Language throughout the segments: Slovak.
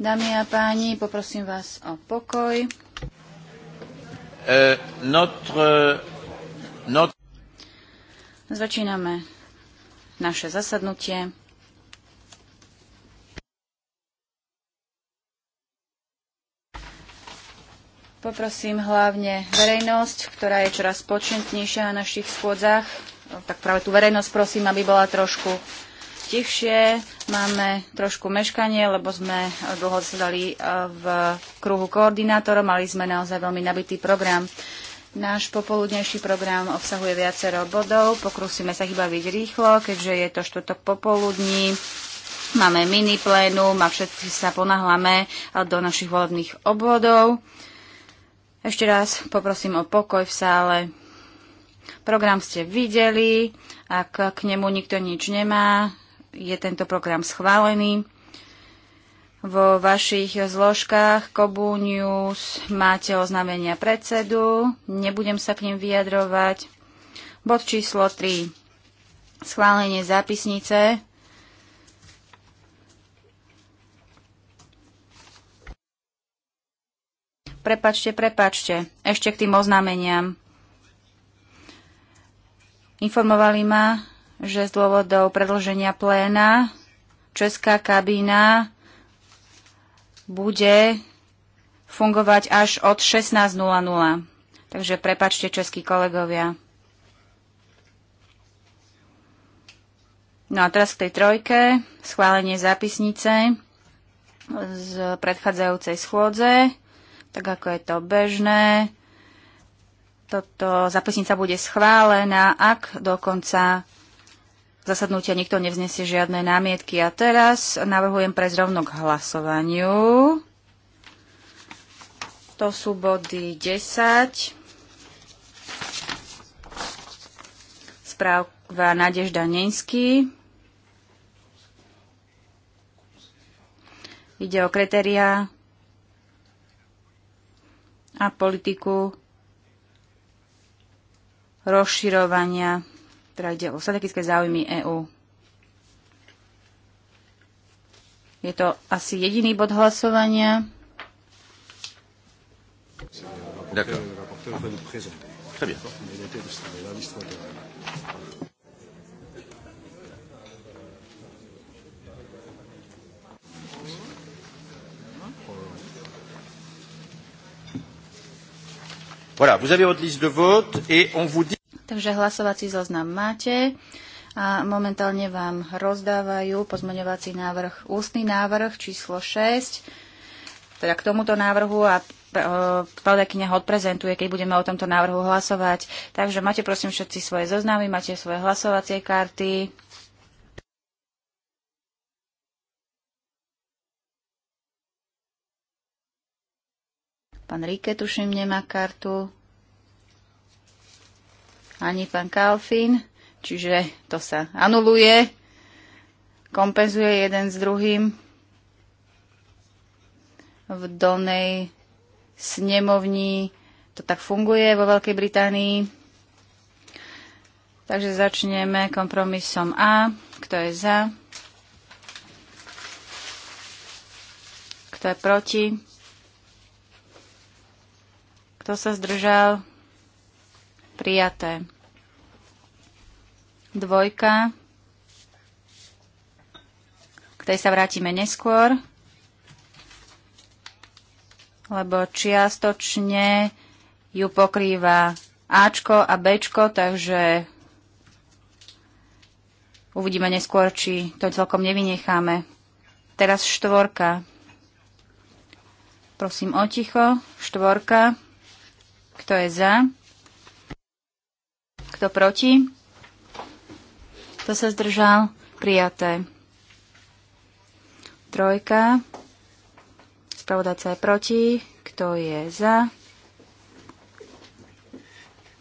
Dámy a páni, poprosím vás o pokoj. Uh, notre, Začíname naše zasadnutie. Poprosím hlavne verejnosť, ktorá je čoraz početnejšia na našich schôdzach. No, tak práve tú verejnosť prosím, aby bola trošku tichšie, máme trošku meškanie, lebo sme dlho sedali eh, v kruhu koordinátorov, mali sme naozaj veľmi nabitý program. Náš popoludnejší program obsahuje viacero bodov, pokúsime sa chyba byť rýchlo, keďže je to štvrtok popoludní, máme mini plénum a všetci sa ponáhľame eh, do našich volebných obvodov. Ešte raz poprosím o pokoj v sále. Program ste videli, ak k nemu nikto nič nemá, je tento program schválený. Vo vašich zložkách Kobu News máte oznámenia predsedu. Nebudem sa k ním vyjadrovať. Bod číslo 3. Schválenie zápisnice. Prepačte, prepačte. Ešte k tým oznámeniam. Informovali ma, že z dôvodov predlženia pléna Česká kabína bude fungovať až od 16.00. Takže prepačte, českí kolegovia. No a teraz k tej trojke, schválenie zápisnice z predchádzajúcej schôdze, tak ako je to bežné. Toto zápisnica bude schválená, ak do konca zasadnutia nikto nevznesie žiadne námietky. A teraz navrhujem pre zrovno k hlasovaniu. To sú body 10. Správa Nadež Danenský. Ide o kritéria a politiku rozširovania teda ide o strategické záujmy EÚ. Je to asi jediný bod hlasovania. D'accord. Voilà, vous avez votre liste de vote et on vous dit... Takže hlasovací zoznam máte a momentálne vám rozdávajú pozmeňovací návrh, ústny návrh číslo 6, teda k tomuto návrhu a e, spravodajkyňa ho odprezentuje, keď budeme o tomto návrhu hlasovať. Takže máte prosím všetci svoje zoznamy, máte svoje hlasovacie karty. Pán Ríke, tuším, nemá kartu ani pán Kalfin, čiže to sa anuluje, kompenzuje jeden s druhým. V dolnej snemovni to tak funguje vo Veľkej Británii. Takže začneme kompromisom A. Kto je za? Kto je proti? Kto sa zdržal? prijaté. Dvojka. K tej sa vrátime neskôr, lebo čiastočne ju pokrýva Ačko a Bčko, takže uvidíme neskôr, či to celkom nevynecháme. Teraz štvorka. Prosím o ticho. Štvorka. Kto je za? Kto proti? Kto sa zdržal? Prijaté. Trojka. Spravodajca je proti. Kto je za?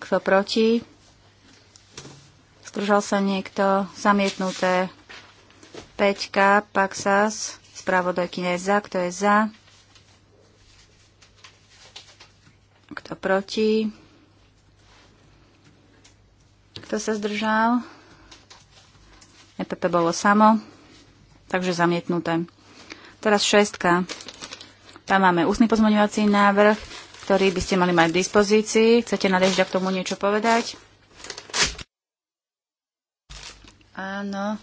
Kto proti? Zdržal sa niekto? Zamietnuté. Peťka. Paxas. nie je za. Kto je za? Kto proti? Kto sa zdržal? EPP bolo samo, takže zamietnuté. Teraz šestka. Tam máme ústny pozmeňovací návrh, ktorý by ste mali mať v dispozícii. Chcete dežďa k tomu niečo povedať? Áno.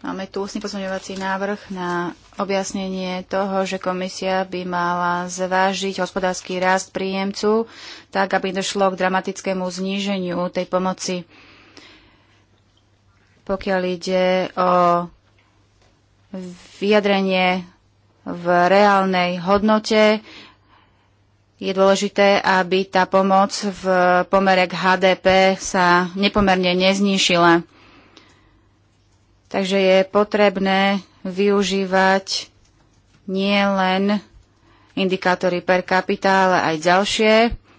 Máme tu ústny pozmeňovací návrh na objasnenie toho, že komisia by mala zvážiť hospodársky rast príjemcu, tak aby došlo k dramatickému zníženiu tej pomoci. Pokiaľ ide o vyjadrenie v reálnej hodnote, je dôležité, aby tá pomoc v pomere k HDP sa nepomerne neznišila. Takže je potrebné využívať nie len indikátory per capita, ale aj ďalšie.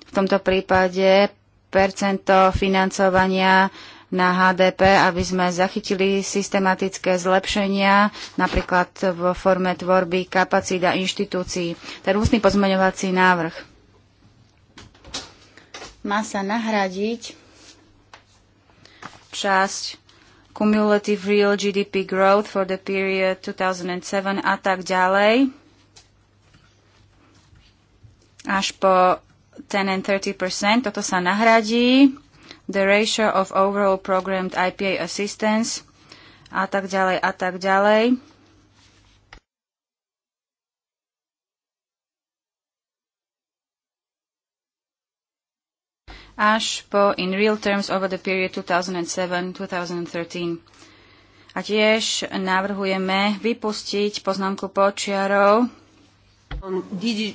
V tomto prípade percento financovania na HDP, aby sme zachytili systematické zlepšenia, napríklad vo forme tvorby kapacít a inštitúcií. Ten ústny pozmeňovací návrh má sa nahradiť časť cumulative real GDP growth for the period 2007 a tak ďalej až po 10 and 30 Toto sa nahradí. The ratio of overall programmed IPA assistance a tak ďalej a tak ďalej. až po in real terms over the period 2007-2013. A tiež navrhujeme vypustiť poznámku počiarov on Digi,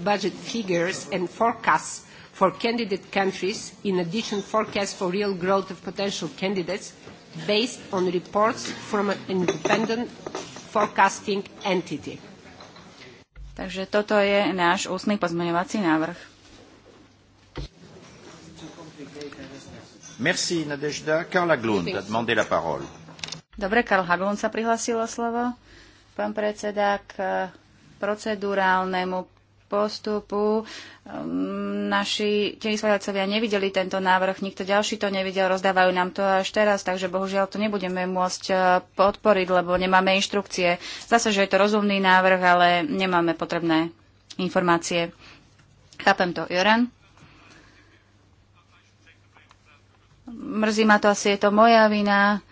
budget figures and forecasts for candidate countries, in addition forecasts for real growth of potential candidates based on reports from an independent forecasting entity. Takže toto je náš ústny pozmeňovací návrh. Merci, Nadežda. Karla Glund a demandé la parole. Dobre, Karl Haglund sa prihlásil o slovo. Pán predseda, k procedurálnemu postupu. Ehm, naši tenisvajacovia nevideli tento návrh, nikto ďalší to nevidel, rozdávajú nám to až teraz, takže bohužiaľ to nebudeme môcť e, podporiť, lebo nemáme inštrukcie. Zase, že je to rozumný návrh, ale nemáme potrebné informácie. Chápem to, Joran. Mrzí ma to, asi je to moja vina,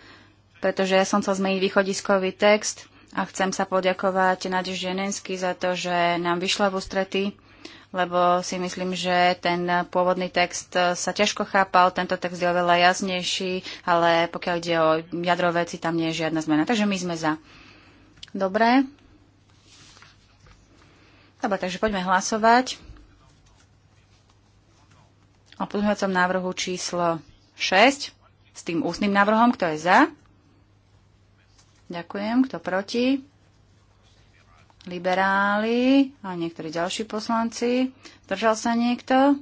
pretože ja som chcel zmeniť východiskový text a chcem sa poďakovať Nadež Ženensky za to, že nám vyšla v ústrety, lebo si myslím, že ten pôvodný text sa ťažko chápal, tento text je oveľa jasnejší, ale pokiaľ ide o jadrové veci, tam nie je žiadna zmena. Takže my sme za. Dobre. Dobre, takže poďme hlasovať o pozmeňovacom návrhu číslo 6 s tým ústnym návrhom. Kto je za? Ďakujem. Kto proti? Liberáli a niektorí ďalší poslanci. Zdržal sa niekto?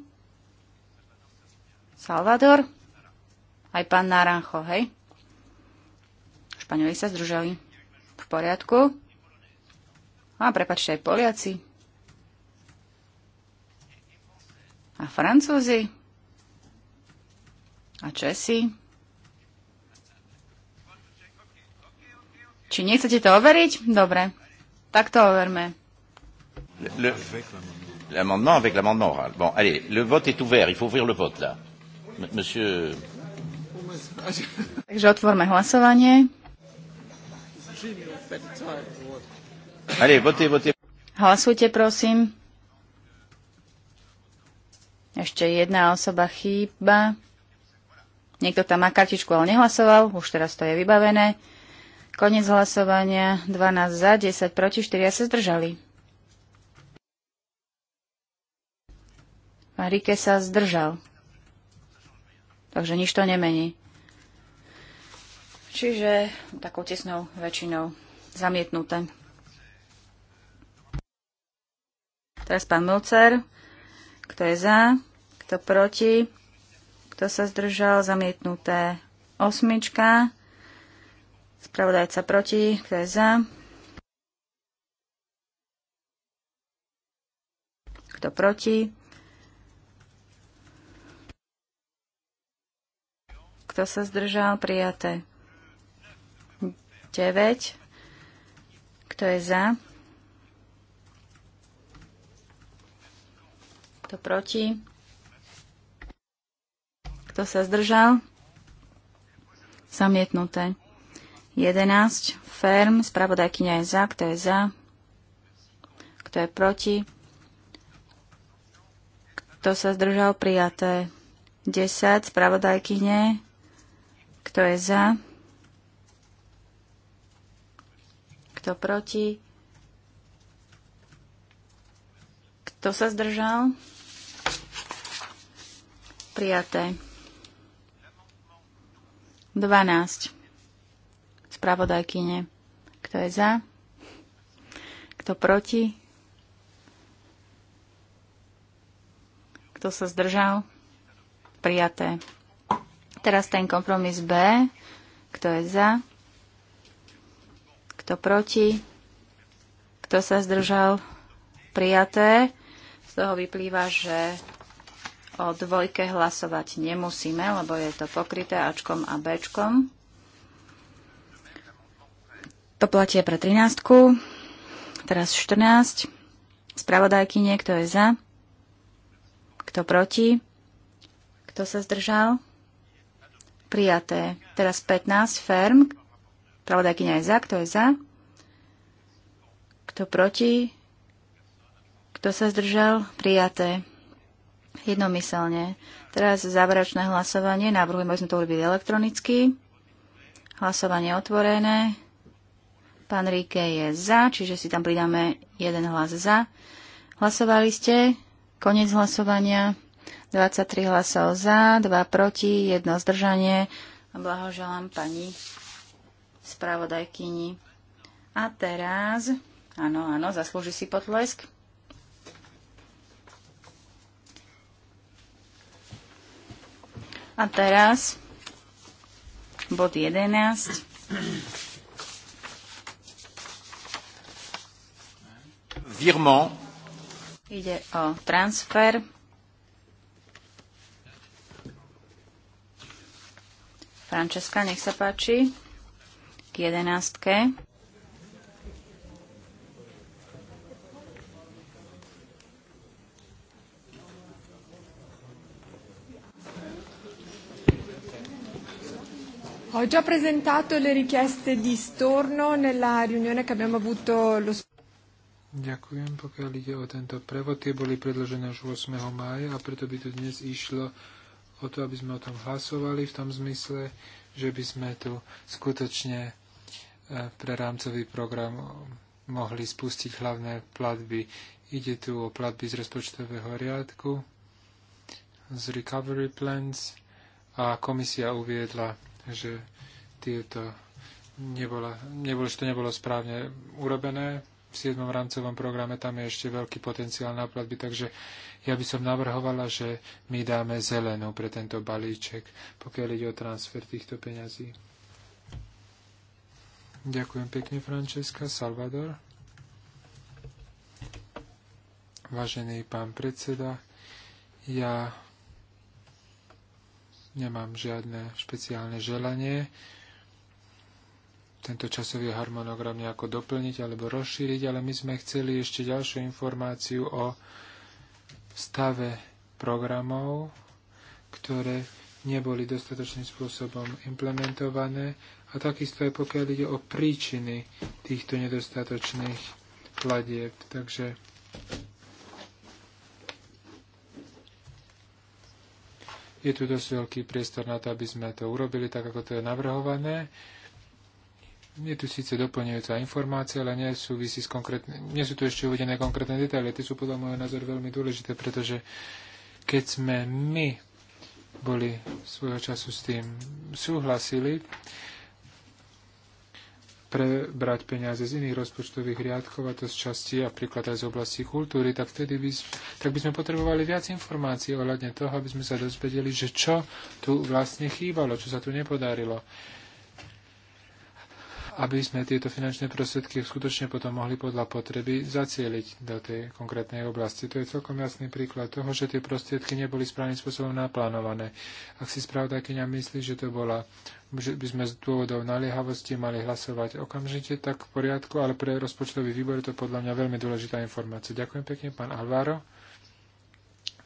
Salvador? Aj pán Naranjo, hej? Španieli sa združali. V poriadku. A prepačte, aj Poliaci. A Francúzi a Česi. Či nechcete to overiť? Dobre, tak to overme. L'amendement avec l'amendement oral. Bon, allez, le vote est ouvert. Il faut ouvrir le vote, là. Monsieur... Takže otvorme hlasovanie. Allez, votez, votez. Hlasujte, prosím. Ešte jedna osoba chýba. Niekto tam má kartičku, ale nehlasoval. Už teraz to je vybavené. Konec hlasovania. 12 za, 10 proti, 4 sa zdržali. Pán Rike sa zdržal. Takže nič to nemení. Čiže takou tesnou väčšinou zamietnuté. Teraz pán Milcer. Kto je za? Kto proti? Kto sa zdržal? Zamietnuté. Osmička. Spravodajca proti. Kto je za? Kto proti? Kto sa zdržal? Prijaté. 9. Kto je za? Kto proti? Kto sa zdržal? Zamietnuté. 11. Ferm. Spravodajkynia je za. Kto je za? Kto je proti? Kto sa zdržal? Prijaté. 10. Spravodajkyne. Kto je za? Kto proti? Kto sa zdržal? Prijaté. 12. Spravodajkyne. Kto je za? Kto proti? Kto sa zdržal? Prijaté. Teraz ten kompromis B. Kto je za? Kto proti? Kto sa zdržal? Prijaté. Z toho vyplýva, že O dvojke hlasovať nemusíme, lebo je to pokryté Ačkom a Bčkom. To platí pre 13. Teraz 14. Spravodajky niekto je za. Kto proti? Kto sa zdržal? Prijaté. Teraz 15. Ferm. Spravodajkyňa je za. Kto je za? Kto proti? Kto sa zdržal? Prijaté. Jednomyselne. Teraz záverečné hlasovanie. Navrhujem, aby sme to urobili elektronicky. Hlasovanie otvorené. Pán Ríke je za, čiže si tam pridáme jeden hlas za. Hlasovali ste. Konec hlasovania. 23 hlasov za, 2 proti, 1 zdržanie. Blahoželám pani spravodajkyni. A teraz, áno, áno, zaslúži si potlesk. A teraz bod 11. Virement. Ide o transfer. Francesca, nech sa páči. K jedenástke. Ho già presentato le richieste di storno nella riunione che abbiamo avuto lo scorso. Ďakujem, pokiaľ ide o tento prevod. Tie boli predložené už 8. mája a preto by to dnes išlo o to, aby sme o tom hlasovali v tom zmysle, že by sme tu skutočne e, pre rámcový program mohli spustiť hlavné platby. Ide tu o platby z rozpočtového riadku, z recovery plans a komisia uviedla že tieto nebola, nebolo, že to nebolo správne urobené. V 7. rámcovom programe tam je ešte veľký potenciál na platby, takže ja by som navrhovala, že my dáme zelenú pre tento balíček, pokiaľ ide o transfer týchto peňazí. Ďakujem pekne, Francesca. Salvador. Vážený pán predseda, ja Nemám žiadne špeciálne želanie tento časový harmonogram nejako doplniť alebo rozšíriť, ale my sme chceli ešte ďalšiu informáciu o stave programov, ktoré neboli dostatočným spôsobom implementované a takisto aj pokiaľ ide o príčiny týchto nedostatočných platieb. Takže Je tu dosť veľký priestor na to, aby sme to urobili tak, ako to je navrhované. Je tu síce doplňujúca informácia, ale nie, sú, s konkrétne, nie sú tu ešte uvedené konkrétne detaily. Tie sú podľa môjho názoru veľmi dôležité, pretože keď sme my boli svojho času s tým súhlasili, prebrať peniaze z iných rozpočtových riadkov, a to z časti a príklad aj z oblasti kultúry, tak vtedy by, tak by sme potrebovali viac informácií ohľadne toho, aby sme sa dozvedeli, že čo tu vlastne chýbalo, čo sa tu nepodarilo aby sme tieto finančné prostriedky skutočne potom mohli podľa potreby zacieliť do tej konkrétnej oblasti. To je celkom jasný príklad toho, že tie prostriedky neboli správnym spôsobom naplánované. Ak si spravodajkyňa myslí, že to bola že by sme z dôvodov naliehavosti mali hlasovať okamžite, tak v poriadku, ale pre rozpočtový výbor je to podľa mňa veľmi dôležitá informácia. Ďakujem pekne, pán Alvaro.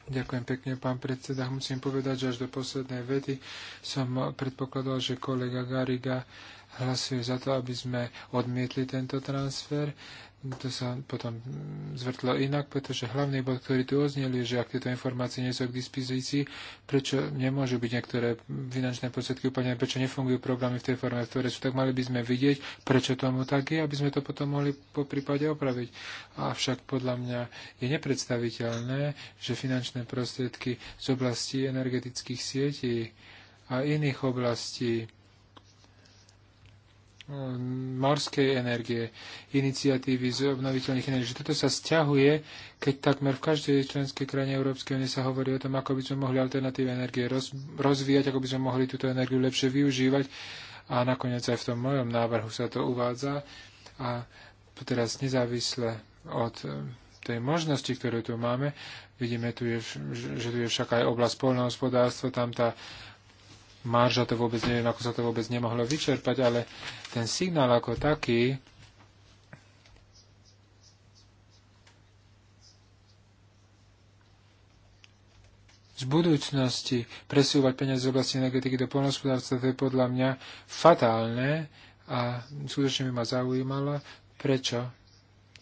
Ďakujem pekne, pán predseda. Musím povedať, že až do poslednej vety som predpokladal, že kolega Gariga hlasuje za to, aby sme odmietli tento transfer. To sa potom zvrtlo inak, pretože hlavný bod, ktorý tu oznel, je, že ak tieto informácie nie sú k dispozícii, prečo nemôžu byť niektoré finančné prostriedky úplne, prečo nefungujú programy v tej forme, v ktorej sú, tak mali by sme vidieť, prečo tomu tak je, aby sme to potom mohli po prípade opraviť. Avšak podľa mňa je nepredstaviteľné, že finančné prostriedky z oblasti energetických sietí a iných oblastí morskej energie, iniciatívy z obnoviteľných energií. Toto sa stiahuje, keď takmer v každej členskej krajine Európskej únie sa hovorí o tom, ako by sme mohli alternatívne energie roz, rozvíjať, ako by sme mohli túto energiu lepšie využívať. A nakoniec aj v tom mojom návrhu sa to uvádza. A teraz nezávisle od eh, tej možnosti, ktorú tu máme, vidíme tu, je, že tu je však aj oblasť poľnohospodárstva, tam tá marža, to vôbec neviem, ako sa to vôbec nemohlo vyčerpať, ale ten signál ako taký, z budúcnosti presúvať peniaze z oblasti energetiky do polnospodárstva, to je podľa mňa fatálne a skutočne by ma zaujímalo, prečo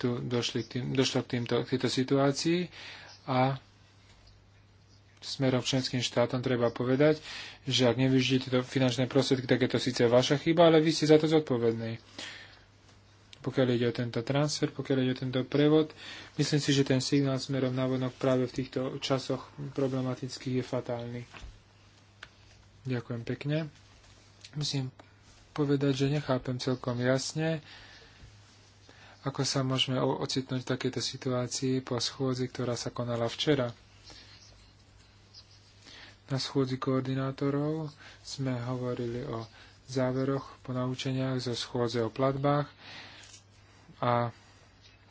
tu došli k tým, došlo k, týmto, k tejto situácii a smerom členským štátom treba povedať, že ak nevyužijete tieto finančné prostriedky, tak je to síce vaša chyba, ale vy ste za to zodpovední. Pokiaľ ide o tento transfer, pokiaľ ide o tento prevod, myslím si, že ten signál smerom na vonok práve v týchto časoch problematických je fatálny. Ďakujem pekne. Musím povedať, že nechápem celkom jasne, ako sa môžeme ocitnúť v takejto situácii po schôdzi, ktorá sa konala včera. Na schôdzi koordinátorov sme hovorili o záveroch, po naučeniach zo schôdze o platbách a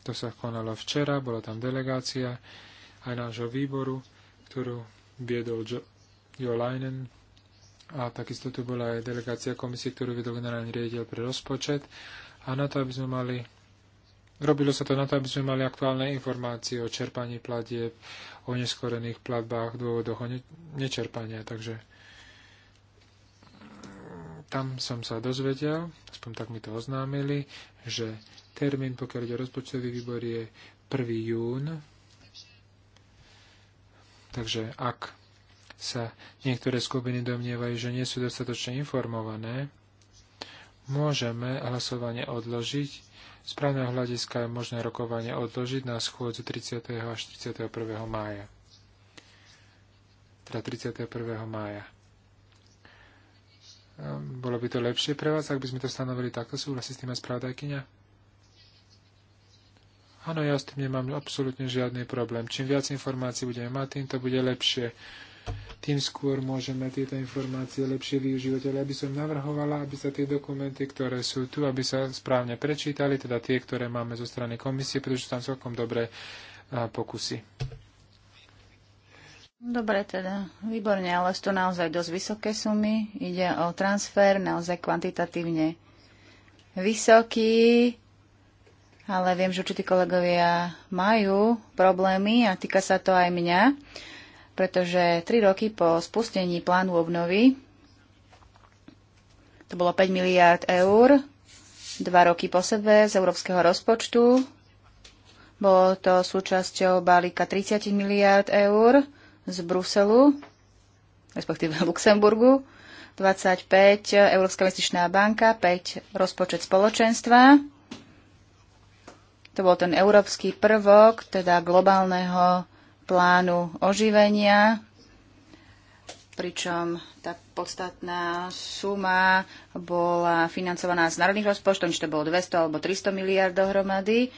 to sa konalo včera, bola tam delegácia aj nášho výboru, ktorú viedol jo, jo Leinen a takisto tu bola aj delegácia komisie, ktorú viedol generálny riaditeľ pre rozpočet a na to, aby sme mali Robilo sa to na to, aby sme mali aktuálne informácie o čerpaní platieb, o neskorených platbách, dôvodoch o nečerpania. Takže tam som sa dozvedel, aspoň tak mi to oznámili, že termín, pokiaľ ide rozpočtový výbor, je 1. jún. Takže ak sa niektoré skupiny domnievajú, že nie sú dostatočne informované, môžeme hlasovanie odložiť z právneho hľadiska je možné rokovanie odložiť na schôdzu 30. až 31. mája. Teda 31. mája. Ehm, bolo by to lepšie pre vás, ak by sme to stanovili takto? Súhlasí s tým aj spravodajkynia? Áno, ja s tým nemám absolútne žiadny problém. Čím viac informácií budeme mať, tým to bude lepšie tým skôr môžeme tieto informácie lepšie využívať. Ale aby som navrhovala, aby sa tie dokumenty, ktoré sú tu, aby sa správne prečítali, teda tie, ktoré máme zo strany komisie, pretože sú tam celkom dobré pokusy. Dobre teda, výborne, ale sú to naozaj dosť vysoké sumy. Ide o transfer naozaj kvantitatívne vysoký, ale viem, že určití kolegovia majú problémy a týka sa to aj mňa pretože 3 roky po spustení plánu obnovy, to bolo 5 miliárd eur, 2 roky po sebe z európskeho rozpočtu, bolo to súčasťou balíka 30 miliárd eur z Bruselu, respektíve Luxemburgu, 25 Európska investičná banka, 5 rozpočet spoločenstva. To bol ten európsky prvok, teda globálneho plánu oživenia, pričom tá podstatná suma bola financovaná z národných rozpočtov, či to bolo 200 alebo 300 miliard dohromady.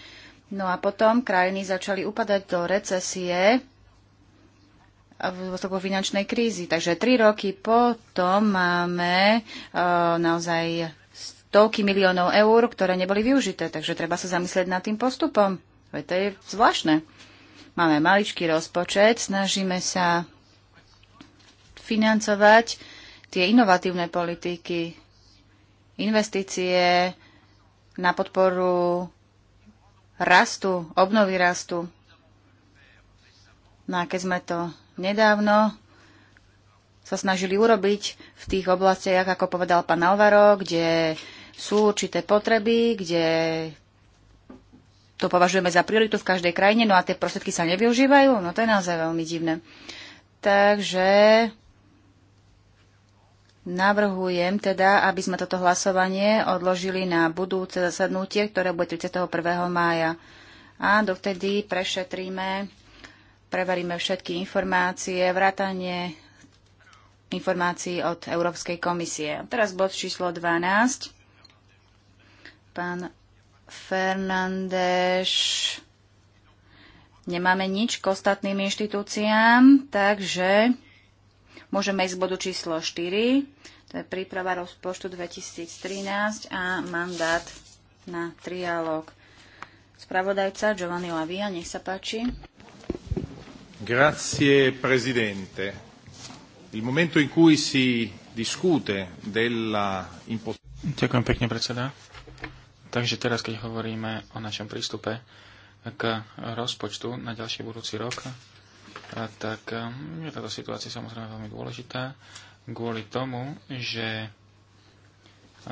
No a potom krajiny začali upadať do recesie v dôsledku finančnej krízy. Takže tri roky potom máme e, naozaj stovky miliónov eur, ktoré neboli využité. Takže treba sa zamyslieť nad tým postupom. Veď to je zvláštne. Máme maličký rozpočet, snažíme sa financovať tie inovatívne politiky, investície na podporu rastu, obnovy rastu. No a keď sme to nedávno sa snažili urobiť v tých oblastiach, ako povedal pán Alvaro, kde sú určité potreby, kde to považujeme za prioritu v každej krajine, no a tie prostriedky sa nevyužívajú, no to je naozaj veľmi divné. Takže Navrhujem teda, aby sme toto hlasovanie odložili na budúce zasadnutie, ktoré bude 31. mája. A dovtedy prešetríme, preveríme všetky informácie, vrátanie informácií od Európskej komisie. Teraz bod číslo 12. Pán Fernández. Nemáme nič k ostatným inštitúciám, takže môžeme ísť z bodu číslo 4, to je príprava rozpočtu 2013 a mandát na trialog. Spravodajca Giovanni Lavia, nech sa páči. Grazie prezidente. Il momento in cui si discute della impostazione... Ďakujem pekne, predseda Takže teraz, keď hovoríme o našom prístupe k rozpočtu na ďalší budúci rok, tak mm, je táto situácia samozrejme veľmi dôležitá kvôli tomu, že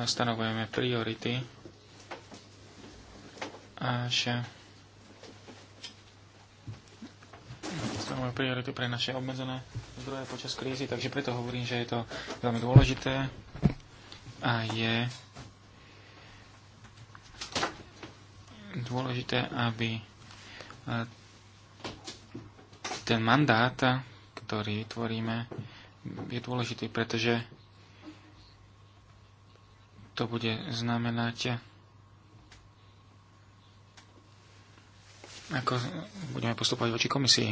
stanovujeme priority až stanovujeme priority pre naše obmedzené zdroje počas krízy, takže preto hovorím, že je to veľmi dôležité a je dôležité, aby e, ten mandát, ktorý tvoríme, je dôležitý, pretože to bude znamenať, ako budeme postupovať voči komisii.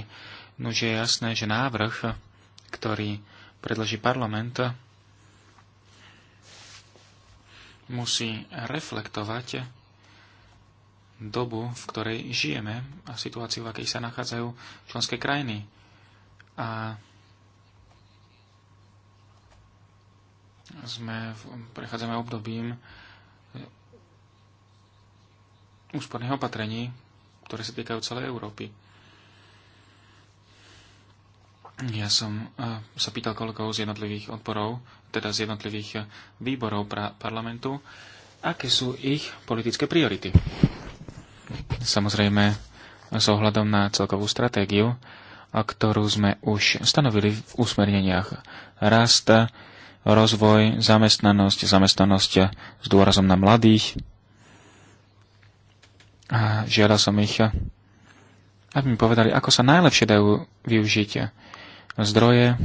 No, že je jasné, že návrh, ktorý predloží parlament, musí reflektovať dobu, v ktorej žijeme a situáciu, v akej sa nachádzajú členské krajiny. A sme v, prechádzame obdobím úsporných opatrení, ktoré sa týkajú celej Európy. Ja som sa pýtal kolegov z jednotlivých odborov, teda z jednotlivých e, výborov pra- parlamentu, aké sú ich politické priority. Samozrejme, s ohľadom na celkovú stratégiu, ktorú sme už stanovili v úsmerneniach rast, rozvoj, zamestnanosť, zamestnanosť s dôrazom na mladých. A žiadal som ich, aby mi povedali, ako sa najlepšie dajú využiť zdroje,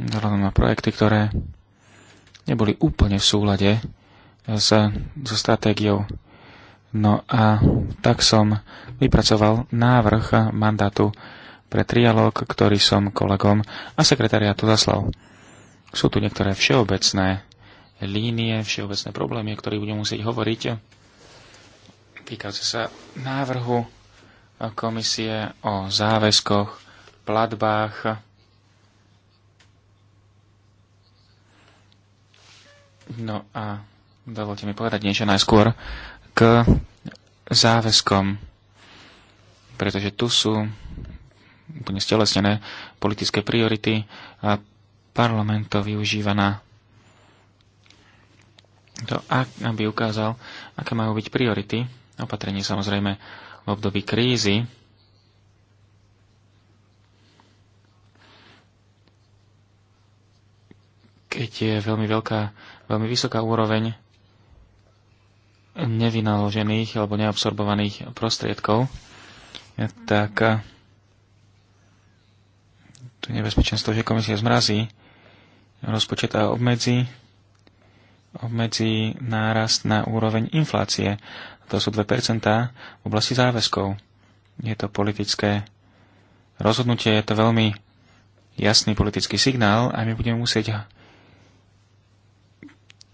vzhľadom na projekty, ktoré neboli úplne v súlade so, so stratégiou. No a tak som vypracoval návrh mandátu pre trialog, ktorý som kolegom a sekretariátu zaslal. Sú tu niektoré všeobecné línie, všeobecné problémy, o ktorých budem musieť hovoriť. Týkajúce sa návrhu komisie o záväzkoch, platbách, No a dovolte mi povedať niečo najskôr k záväzkom, pretože tu sú úplne stelesnené politické priority a parlament to využíva na to, aby ukázal, aké majú byť priority. Opatrenie samozrejme v období krízy, keď je veľmi veľká, veľmi vysoká úroveň nevynaložených alebo neabsorbovaných prostriedkov, eh, tak eh, tu nebezpečenstvo, že komisia zmrazí rozpočet a obmedzí, obmedzí nárast na úroveň inflácie. To sú 2% v oblasti záväzkov. Je to politické rozhodnutie, je to veľmi jasný politický signál a my budeme musieť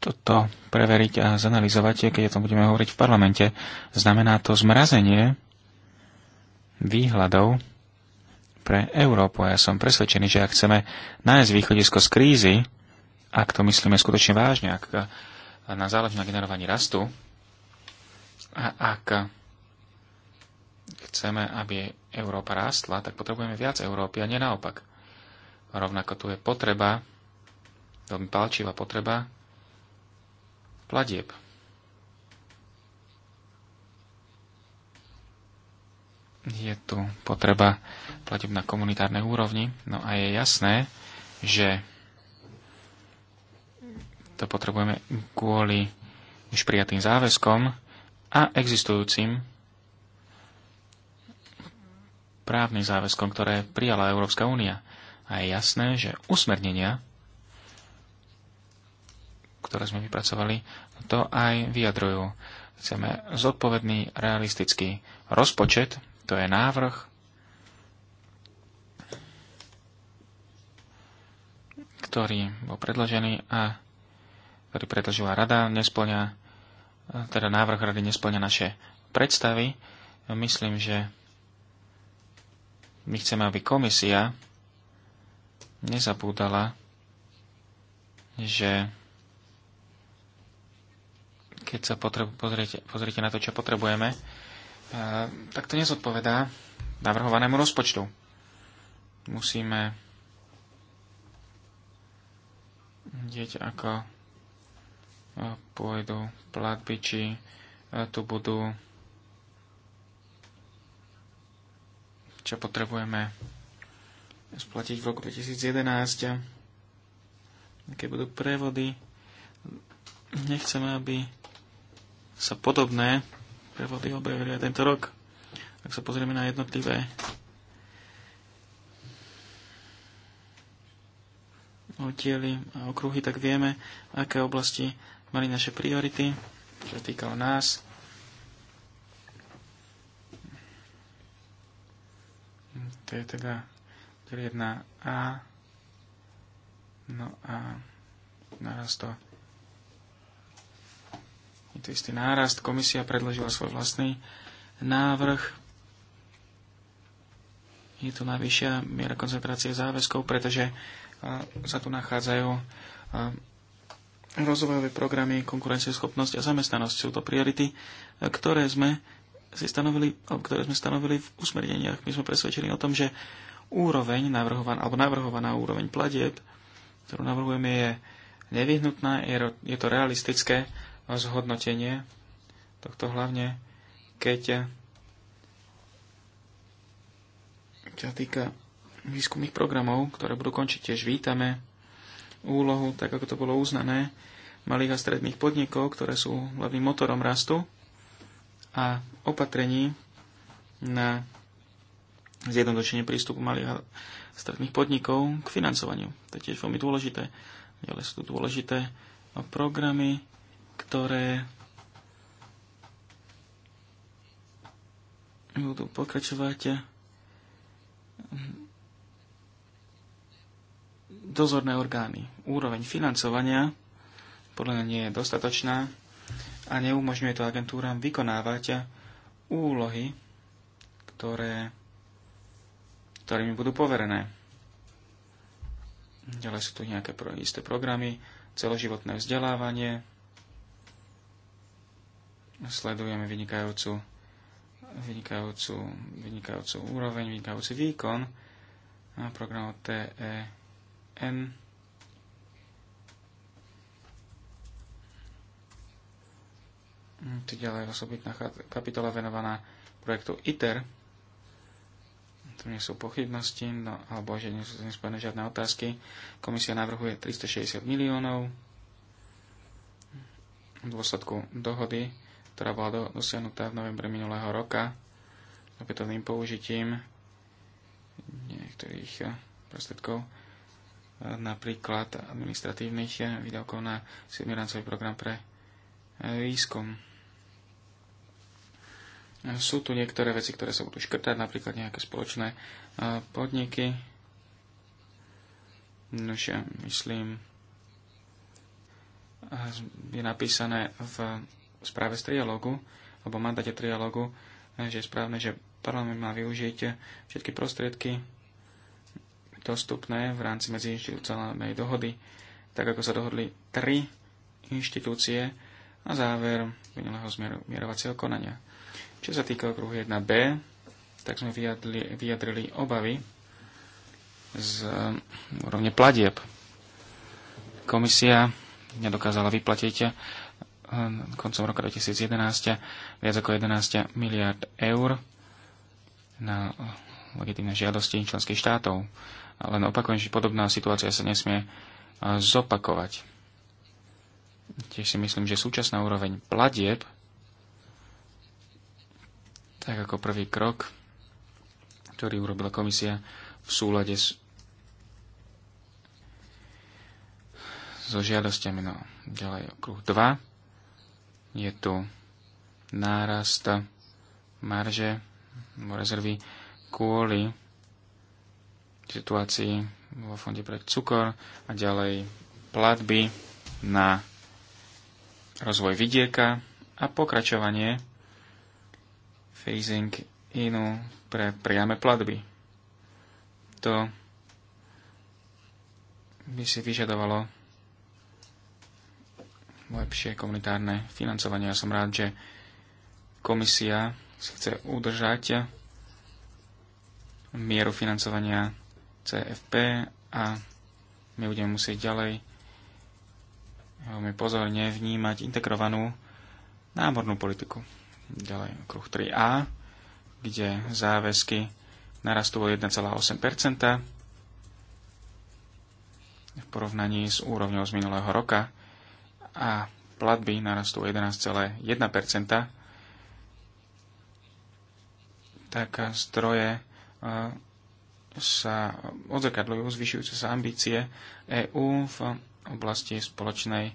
toto preveriť a zanalizovať, keď o tom budeme hovoriť v parlamente. Znamená to zmrazenie výhľadov pre Európu. A ja som presvedčený, že ak chceme nájsť východisko z krízy, ak to myslíme skutočne vážne, ak na záleží na generovaní rastu a ak chceme, aby Európa rástla, tak potrebujeme viac Európy a nie naopak. Rovnako tu je potreba, veľmi palčivá potreba platieb. Je tu potreba platieb na komunitárnej úrovni, no a je jasné, že to potrebujeme kvôli už prijatým záväzkom a existujúcim právnym záväzkom, ktoré prijala Európska únia. A je jasné, že usmernenia ktoré sme vypracovali, to aj vyjadrujú. Chceme zodpovedný, realistický rozpočet, to je návrh, ktorý bol predložený a ktorý predložila rada, nesplňa, teda návrh rady nesplňa naše predstavy. Myslím, že my chceme, aby komisia nezabúdala, že keď sa pozriete, pozriete na to, čo potrebujeme, eh, tak to nezodpovedá navrhovanému rozpočtu. Musíme vidieť, ako eh, pôjdu platby, či eh, tu budú čo potrebujeme splatiť v roku 2011, aké budú prevody. Nechceme, aby sa podobné prevody objavili aj tento rok. Ak sa pozrieme na jednotlivé oddiely a okruhy, tak vieme, aké oblasti mali naše priority, čo sa týkalo nás. To je teda 1A. No a naraz to istý nárast. Komisia predložila svoj vlastný návrh. Je tu najvyššia miera koncentrácie záväzkov, pretože e, sa tu nachádzajú e, rozvojové programy, konkurencieschopnosť a zamestnanosť. Sú to priority, e, ktoré sme si stanovili, ktoré sme stanovili v usmerneniach. My sme presvedčení o tom, že úroveň navrhovan, alebo navrhovaná úroveň platieb, ktorú navrhujeme, je nevyhnutná, je to realistické zhodnotenie tohto hlavne, keď čo týka výskumných programov, ktoré budú končiť, tiež vítame úlohu, tak ako to bolo uznané, malých a stredných podnikov, ktoré sú hlavným motorom rastu a opatrení na zjednodušenie prístupu malých a stredných podnikov k financovaniu. To je tiež veľmi dôležité. Ďalej sú tu dôležité programy ktoré budú pokračovať eh, dozorné orgány. Úroveň financovania podľa mňa nie je dostatočná a neumožňuje to agentúram vykonávať eh, úlohy, ktoré, ktorými budú poverené. Ďalej sú tu nejaké isté programy, celoživotné vzdelávanie, sledujeme vynikajúcu, vynikajúcu, vynikajúcu úroveň, vynikajúci výkon programu TEN. Hm, tu ďalej osobitná kapitola venovaná projektu ITER. Tu nie sú pochybnosti, no, alebo že nie sú spojené žiadne otázky. Komisia navrhuje 360 miliónov v dôsledku dohody ktorá bola dosiahnutá v novembri minulého roka opätovným použitím niektorých eh, prostriedkov, eh, napríklad administratívnych eh, výdavkov na 7 program pre výskum. Sú tu niektoré veci, ktoré sa budú škrtať, napríklad nejaké spoločné podniky. Nože, myslím, je napísané v správe z trialógu, alebo mandáte trialógu, eh, že je správne, že parlament má využiť eh, všetky prostriedky dostupné v rámci inštitúciálnej dohody, tak ako sa dohodli tri inštitúcie na záver minulého zmierovacieho konania. Čo sa týka okruhu 1b, tak sme vyjadli, vyjadrili obavy z eh, úrovne platieb. Komisia nedokázala vyplatiť koncom roka 2011 viac ako 11 miliard eur na legitímne žiadosti členských štátov. Len opakujem, že podobná situácia sa nesmie zopakovať. Tiež si myslím, že súčasná úroveň platieb, tak ako prvý krok, ktorý urobila komisia v súlade s so žiadosťami. No, ďalej okruh 2 je tu nárast marže rezervy kvôli situácii vo fonde pre cukor a ďalej platby na rozvoj vidieka a pokračovanie phasing inu pre priame platby. To by si vyžadovalo lepšie komunitárne financovanie. Ja som rád, že komisia si chce udržať mieru financovania CFP a my budeme musieť ďalej veľmi pozorne vnímať integrovanú námornú politiku. Ďalej kruh 3a, kde záväzky narastú o 1,8% v porovnaní s úrovňou z minulého roka a platby narastú 11,1%, tak zdroje eh, sa odzrkadľujú zvyšujúce sa ambície EÚ v oblasti spoločnej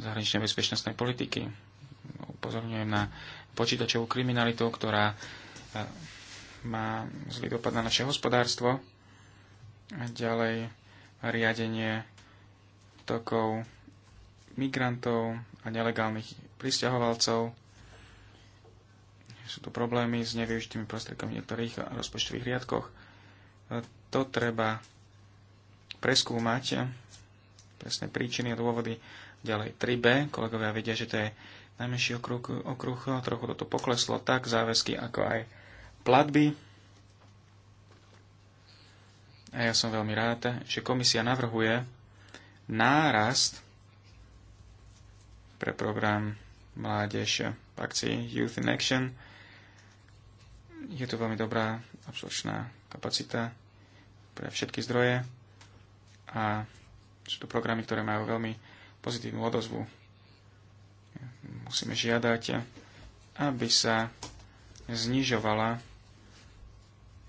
zahraničnej bezpečnostnej politiky. Upozorňujem na počítačovú kriminalitu, ktorá eh, má zlý dopad na naše hospodárstvo. Ďalej riadenie tokov migrantov a nelegálnych pristahovalcov. Sú tu problémy s nevyužitými prostriedkami v niektorých rozpočtových riadkoch. To treba preskúmať, presné príčiny a dôvody. Ďalej 3B, kolegovia vedia, že to je najmenší okruh, okruh trochu toto pokleslo, tak záväzky ako aj platby. A ja som veľmi rád, že komisia navrhuje nárast pre program Mládež v akcii Youth in Action. Je tu veľmi dobrá absolučná kapacita pre všetky zdroje a sú to programy, ktoré majú veľmi pozitívnu odozvu. Musíme žiadať, aby sa znižovala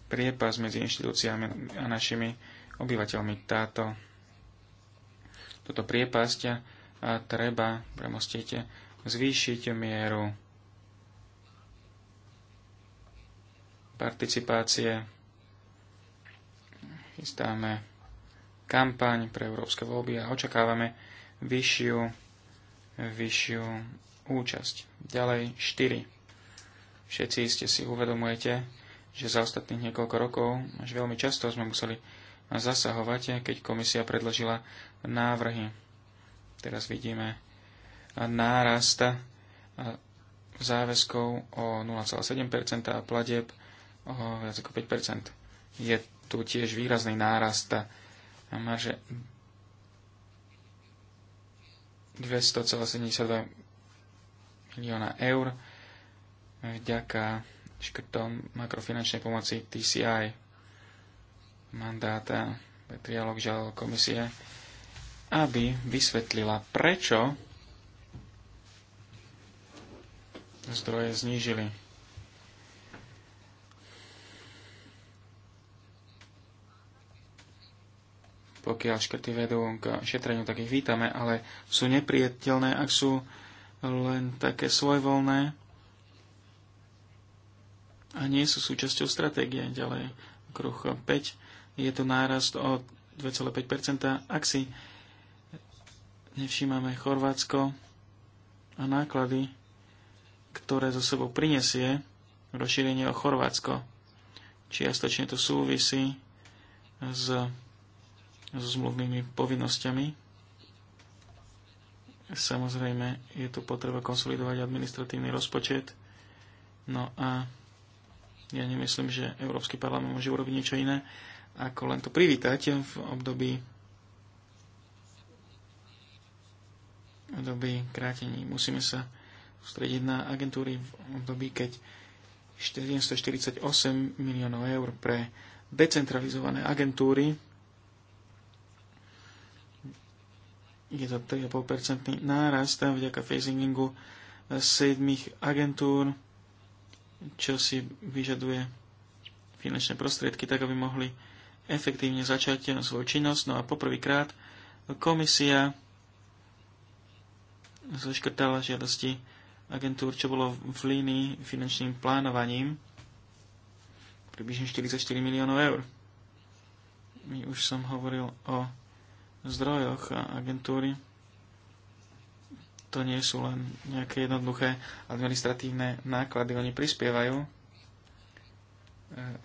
priepas medzi inštitúciami a našimi obyvateľmi. Táto, toto priepasť a treba premostiť, zvýšiť mieru participácie. Chystáme kampaň pre európske voľby a očakávame vyššiu, vyššiu účasť. Ďalej 4. Všetci ste si uvedomujete, že za ostatných niekoľko rokov až veľmi často sme museli zasahovať, keď komisia predložila návrhy Teraz vidíme nárast záväzkov o 0,7% a pladeb o viac ako 5%. Je tu tiež výrazný nárast marže 200,72 milióna eur vďaka škrtom makrofinančnej pomoci TCI mandáta trialog žal komisie aby vysvetlila, prečo zdroje znížili. Pokiaľ škrty vedú k šetreniu, tak ich vítame, ale sú nepriateľné, ak sú len také svojvoľné a nie sú súčasťou stratégie. Ďalej, kruh 5, je to nárast o 2,5%, ak si nevšímame Chorvátsko a náklady, ktoré zo sebou prinesie rozšírenie o Chorvátsko. Čiastočne to súvisí s, s zmluvnými povinnosťami. Samozrejme, je tu potreba konsolidovať administratívny rozpočet. No a ja nemyslím, že Európsky parlament môže urobiť niečo iné, ako len to privítať v období doby krátení. Musíme sa strediť na agentúry v období, keď 448 miliónov eur pre decentralizované agentúry je to 3,5% nárast vďaka phasingingu 7 agentúr, čo si vyžaduje finančné prostriedky, tak aby mohli efektívne začať svoju činnosť. No a poprvýkrát komisia zaškrtala žiadosti agentúr, čo bolo v línii finančným plánovaním približne 44 miliónov eur. My už som hovoril o zdrojoch a agentúry. To nie sú len nejaké jednoduché administratívne náklady. Oni prispievajú e,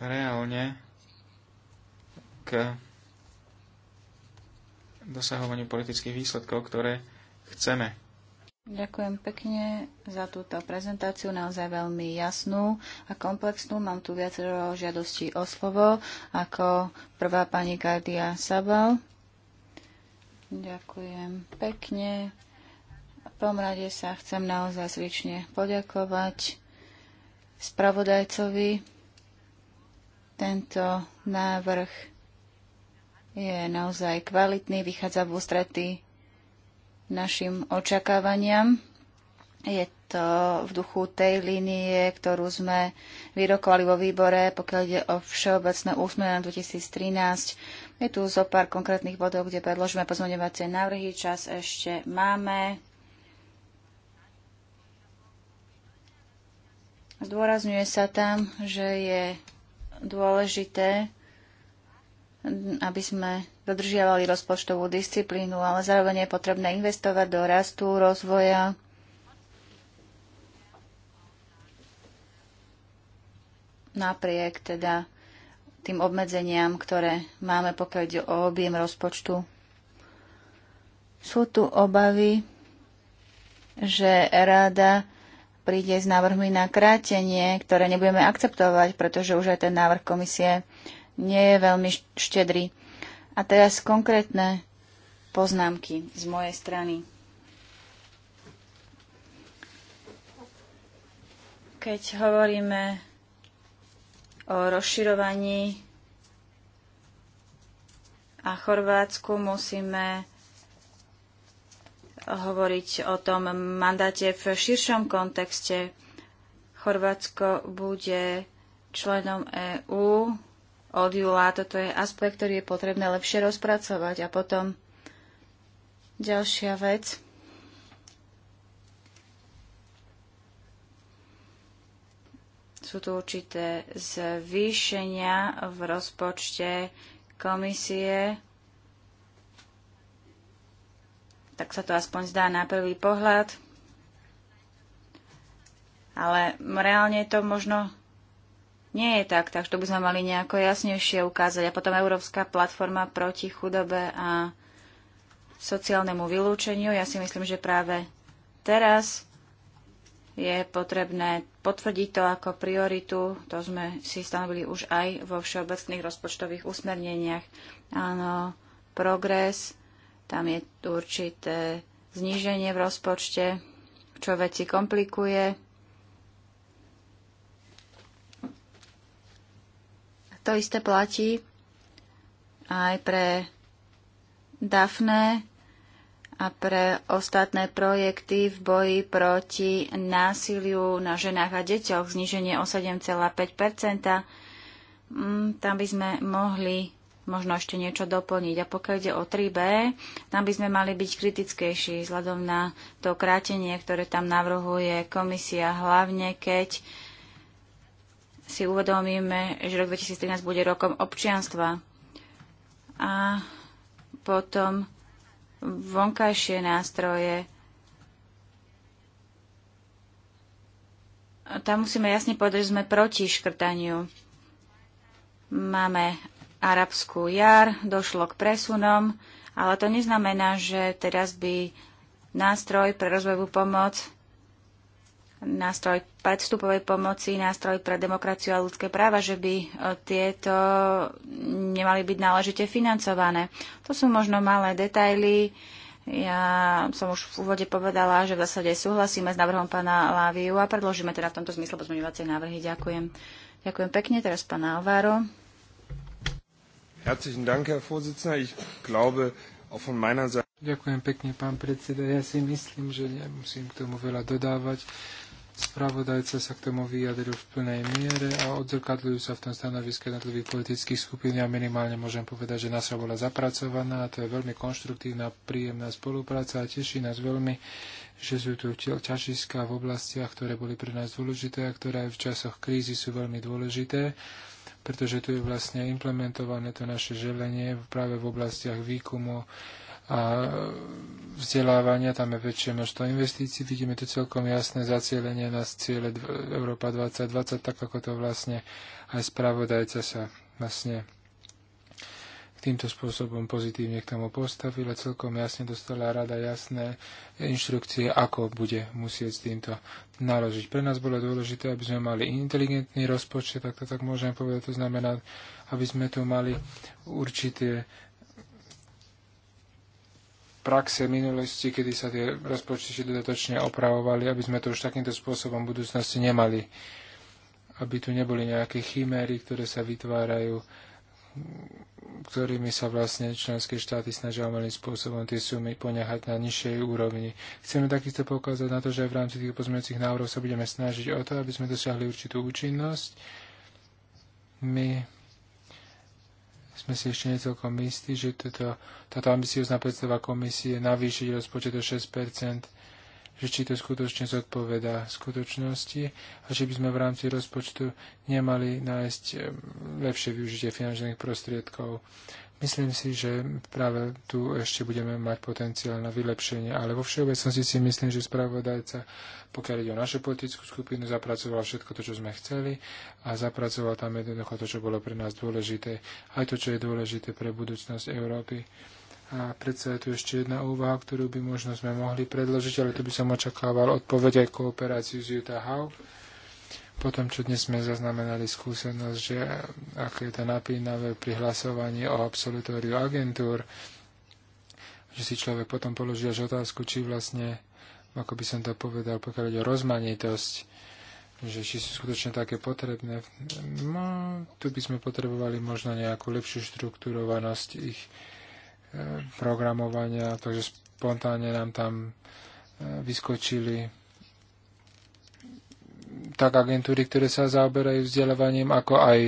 reálne k dosahovaniu politických výsledkov, ktoré chceme. Ďakujem pekne za túto prezentáciu, naozaj veľmi jasnú a komplexnú. Mám tu viacero žiadostí o slovo, ako prvá pani Gardia Sabal. Ďakujem pekne. V prvom rade sa chcem naozaj srdečne poďakovať spravodajcovi. Tento návrh je naozaj kvalitný, vychádza v ústretí našim očakávaniam. Je to v duchu tej línie, ktorú sme vyrokovali vo výbore, pokiaľ ide o všeobecné úsmene na 2013. Je tu zo pár konkrétnych bodov, kde predložíme pozmeňovacie návrhy. Čas ešte máme. Zdôrazňuje sa tam, že je dôležité, aby sme dodržiavali rozpočtovú disciplínu, ale zároveň je potrebné investovať do rastu, rozvoja. napriek teda tým obmedzeniam, ktoré máme, pokiaľ ide o objem rozpočtu. Sú tu obavy, že rada príde s návrhmi na krátenie, ktoré nebudeme akceptovať, pretože už aj ten návrh komisie nie je veľmi štedrý. A teraz konkrétne poznámky z mojej strany. Keď hovoríme o rozširovaní a Chorvátsku, musíme hovoriť o tom mandáte v širšom kontexte. Chorvátsko bude členom EÚ od júla. Toto je aspekt, ktorý je potrebné lepšie rozpracovať. A potom ďalšia vec. Sú tu určité zvýšenia v rozpočte komisie. Tak sa to aspoň zdá na prvý pohľad. Ale reálne je to možno nie je tak, takže to by sme mali nejako jasnejšie ukázať. A potom Európska platforma proti chudobe a sociálnemu vylúčeniu. Ja si myslím, že práve teraz je potrebné potvrdiť to ako prioritu. To sme si stanovili už aj vo všeobecných rozpočtových usmerneniach. Áno, progres, tam je určité zníženie v rozpočte, čo veci komplikuje. To isté platí aj pre DAFNE a pre ostatné projekty v boji proti násiliu na ženách a deťoch, zniženie o 7,5 mm, Tam by sme mohli možno ešte niečo doplniť. A pokiaľ ide o 3B, tam by sme mali byť kritickejší vzhľadom na to krátenie, ktoré tam navrhuje komisia, hlavne keď si uvedomíme, že rok 2013 bude rokom občianstva a potom vonkajšie nástroje. Tam musíme jasne povedať, že sme proti škrtaniu. Máme arabskú jar, došlo k presunom, ale to neznamená, že teraz by nástroj pre rozvojovú pomoc nástroj predstupovej pomoci, nástroj pre demokraciu a ľudské práva, že by e, tieto nemali byť náležite financované. To sú možno malé detaily. Ja som už v úvode povedala, že v zásade súhlasíme s návrhom pána Láviu a predložíme teda v tomto zmysle pozmeňovacie návrhy. Ďakujem. Ďakujem pekne. Teraz pán Alvaro. Herzlichen Dank, Herr Vorsitzender. Ich glaube, auch von meiner Seite Ďakujem pekne, pán predseda. Ja si myslím, že nemusím k tomu veľa dodávať. Spravodajca sa k tomu vyjadril v plnej miere a odzrkadľujú sa v tom stanovisku jednotlivých politických skupín. Ja minimálne môžem povedať, že NASA bola zapracovaná a to je veľmi konštruktívna, príjemná spolupráca a teší nás veľmi, že sú tu ťažiska v oblastiach, ktoré boli pre nás dôležité a ktoré aj v časoch krízy sú veľmi dôležité pretože tu je vlastne implementované to naše želenie práve v oblastiach výkumu a vzdelávania, tam je väčšie množstvo investícií, vidíme tu celkom jasné zacielenie na ciele Európa 2020, tak ako to vlastne aj spravodajca sa vlastne týmto spôsobom pozitívne k tomu postavila. Celkom jasne dostala rada jasné inštrukcie, ako bude musieť s týmto naložiť. Pre nás bolo dôležité, aby sme mali inteligentný rozpočet, tak to tak môžem povedať. To znamená, aby sme tu mali určité praxe minulosti, kedy sa tie rozpočty dodatočne opravovali, aby sme to už takýmto spôsobom v budúcnosti nemali. Aby tu neboli nejaké chiméry, ktoré sa vytvárajú, ktorými sa vlastne členské štáty snažia umelým spôsobom tie sumy poňahať na nižšej úrovni. Chceme takisto poukázať na to, že aj v rámci tých pozmeňujúcich návrhov sa budeme snažiť o to, aby sme dosiahli určitú účinnosť. My sme si ešte necelkom istí, že toto, táto ambiciozná predstava komisie navýšiť rozpočet o 6 že či to skutočne zodpoveda skutočnosti a že by sme v rámci rozpočtu nemali nájsť ehm, lepšie využitie finančných prostriedkov. Myslím si, že práve tu ešte budeme mať potenciál na vylepšenie, ale vo všeobecnosti si myslím, že spravodajca, pokiaľ ide o našu politickú skupinu, zapracoval všetko to, čo sme chceli a zapracoval tam jednoducho to, čo bolo pre nás dôležité, aj to, čo je dôležité pre budúcnosť Európy. A predsa je tu ešte jedna úvaha, ktorú by možno sme mohli predložiť, ale tu by som očakával odpoveď aj kooperáciu z Utah House potom, čo dnes sme zaznamenali skúsenosť, že ak je to napínavé pri hlasovaní o absolutóriu agentúr, že si človek potom položí až otázku, či vlastne, ako by som to povedal, pokiaľ ide o rozmanitosť, že či sú skutočne také potrebné. No, tu by sme potrebovali možno nejakú lepšiu štruktúrovanosť ich e, programovania, takže spontánne nám tam e, vyskočili tak agentúry, ktoré sa zaoberajú vzdelávaním, ako aj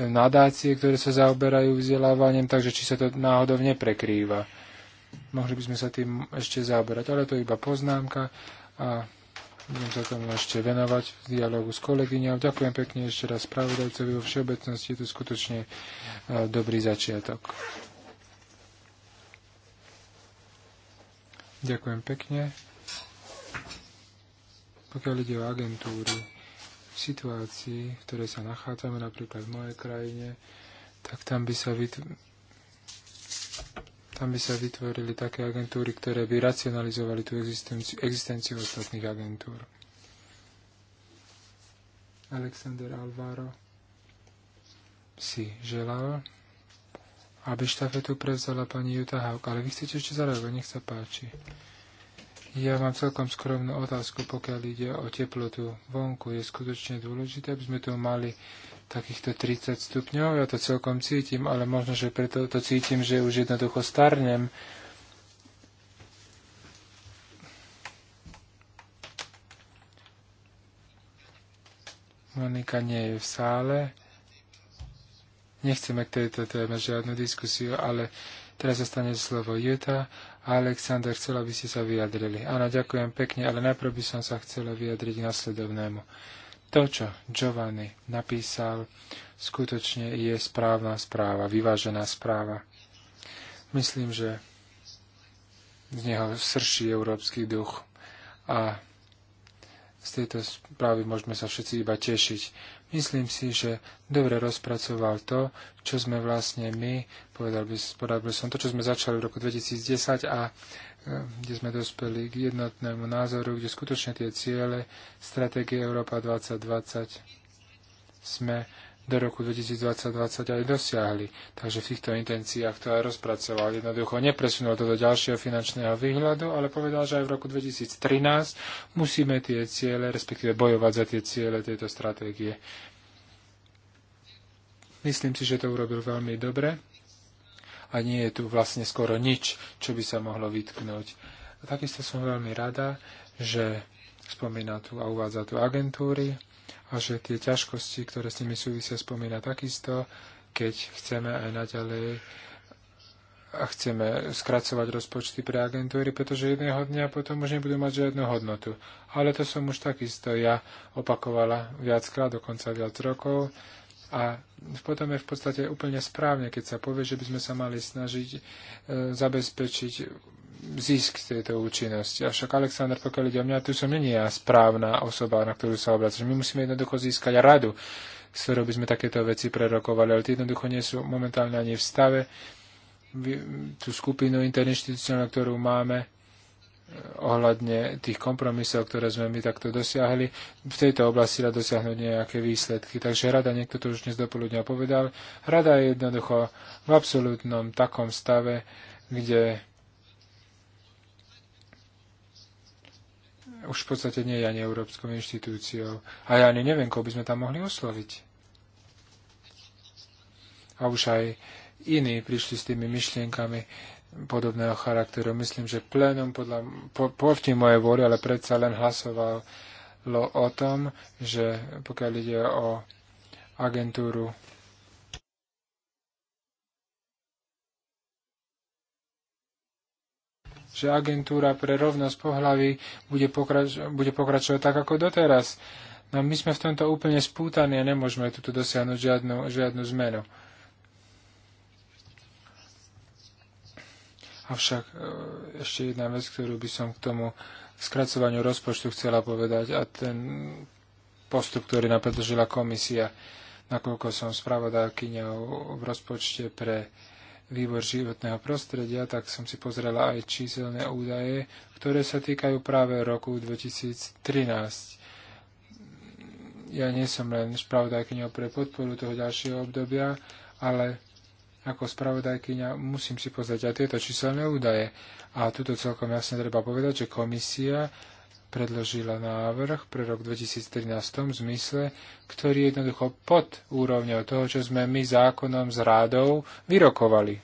nadácie, ktoré sa zaoberajú vzdelávaním, takže či sa to náhodou neprekrýva. Mohli by sme sa tým ešte zaoberať, ale to je iba poznámka a budem sa tomu ešte venovať v dialogu s kolegyňou. Ďakujem pekne ešte raz spravodajcovi vo všeobecnosti, je to skutočne e, dobrý začiatok. Ďakujem pekne. Pokiaľ ide o agentúry, v situácii, v ktorej sa nachádzame, napríklad v mojej krajine, tak tam by sa vytvorili tam by sa vytvorili také agentúry, ktoré by racionalizovali tú existenciu, existenciu ostatných agentúr. Alexander Alvaro si želal, aby štafetu prevzala pani Jutta Haug, ale vy chcete ešte zareagovať, nech sa páči. Ja mám celkom skromnú otázku, pokiaľ ide o teplotu vonku. Je skutočne dôležité, aby sme tu mali takýchto 30 stupňov. Ja to celkom cítim, ale možno, že preto to cítim, že už jednoducho starnem. Monika nie je v sále. Nechceme k tejto téme žiadnu diskusiu, ale Teraz zostane slovo Juta a Aleksandr, chcela by ste sa vyjadrili. Áno, ďakujem pekne, ale najprv by som sa chcela vyjadriť nasledovnému. To, čo Giovanni napísal, skutočne je správna správa, vyvážená správa. Myslím, že z neho srší európsky duch a z tejto správy môžeme sa všetci iba tešiť. Myslím si, že dobre rozpracoval to, čo sme vlastne my, povedal by, povedal by som to, čo sme začali v roku 2010 a e, kde sme dospeli k jednotnému názoru, kde skutočne tie ciele stratégie Európa 2020 sme do roku 2020 aj dosiahli. Takže v týchto intenciách to aj rozpracoval. Jednoducho nepresunul to do ďalšieho finančného výhľadu, ale povedal, že aj v roku 2013 musíme tie ciele, respektíve bojovať za tie ciele tejto stratégie. Myslím si, že to urobil veľmi dobre a nie je tu vlastne skoro nič, čo by sa mohlo vytknúť. A takisto som veľmi rada, že spomína tu a uvádza tu agentúry a že tie ťažkosti, ktoré s nimi súvisia, spomína takisto, keď chceme aj naďalej a chceme skracovať rozpočty pre agentúry, pretože jedného dňa potom už nebudú mať žiadnu hodnotu. Ale to som už takisto ja opakovala viackrát, dokonca viac rokov. A potom je v podstate úplne správne, keď sa povie, že by sme sa mali snažiť e, zabezpečiť zisk tejto účinnosti. Avšak, Aleksandr, pokiaľ ide o mňa, tu som není ja správna osoba, na ktorú sa obracaš. My musíme jednoducho získať radu, s ktorou by sme takéto veci prerokovali, ale tie jednoducho nie sú momentálne ani v stave. Tú skupinu interinstitucionálnu, ktorú máme, eh, ohľadne tých kompromisov, ktoré sme my takto dosiahli, v tejto oblasti dá dosiahnuť nejaké výsledky. Takže rada, niekto to už dnes dopoludňa povedal, rada je jednoducho v absolútnom takom stave, kde už v podstate nie je ani Európskou inštitúciou. A ja ani neviem, koho by sme tam mohli osloviť. A už aj iní prišli s tými myšlienkami podobného charakteru. Myslím, že plénum podľa, po, povti moje vôli, ale predsa len hlasovalo o tom, že pokiaľ ide o agentúru že agentúra pre rovnosť pohlaví bude, pokrač- bude pokračovať tak ako doteraz. No my sme v tomto úplne spútaní a nemôžeme tu dosiahnuť žiadnu, žiadnu zmenu. Avšak e, ešte jedna vec, ktorú by som k tomu skracovaniu rozpočtu chcela povedať a ten postup, ktorý napredložila komisia, nakoľko som spravodajkyňou v rozpočte pre výbor životného prostredia, tak som si pozrela aj číselné údaje, ktoré sa týkajú práve roku 2013 ja nie som len spravodajkyňou pre podporu toho ďalšieho obdobia, ale ako spravodajkyňa musím si pozrieť aj tieto číselné údaje. A tuto celkom jasne treba povedať, že komisia predložila návrh pre rok 2013 v zmysle, ktorý je jednoducho pod úrovňou toho, čo sme my zákonom s rádou vyrokovali.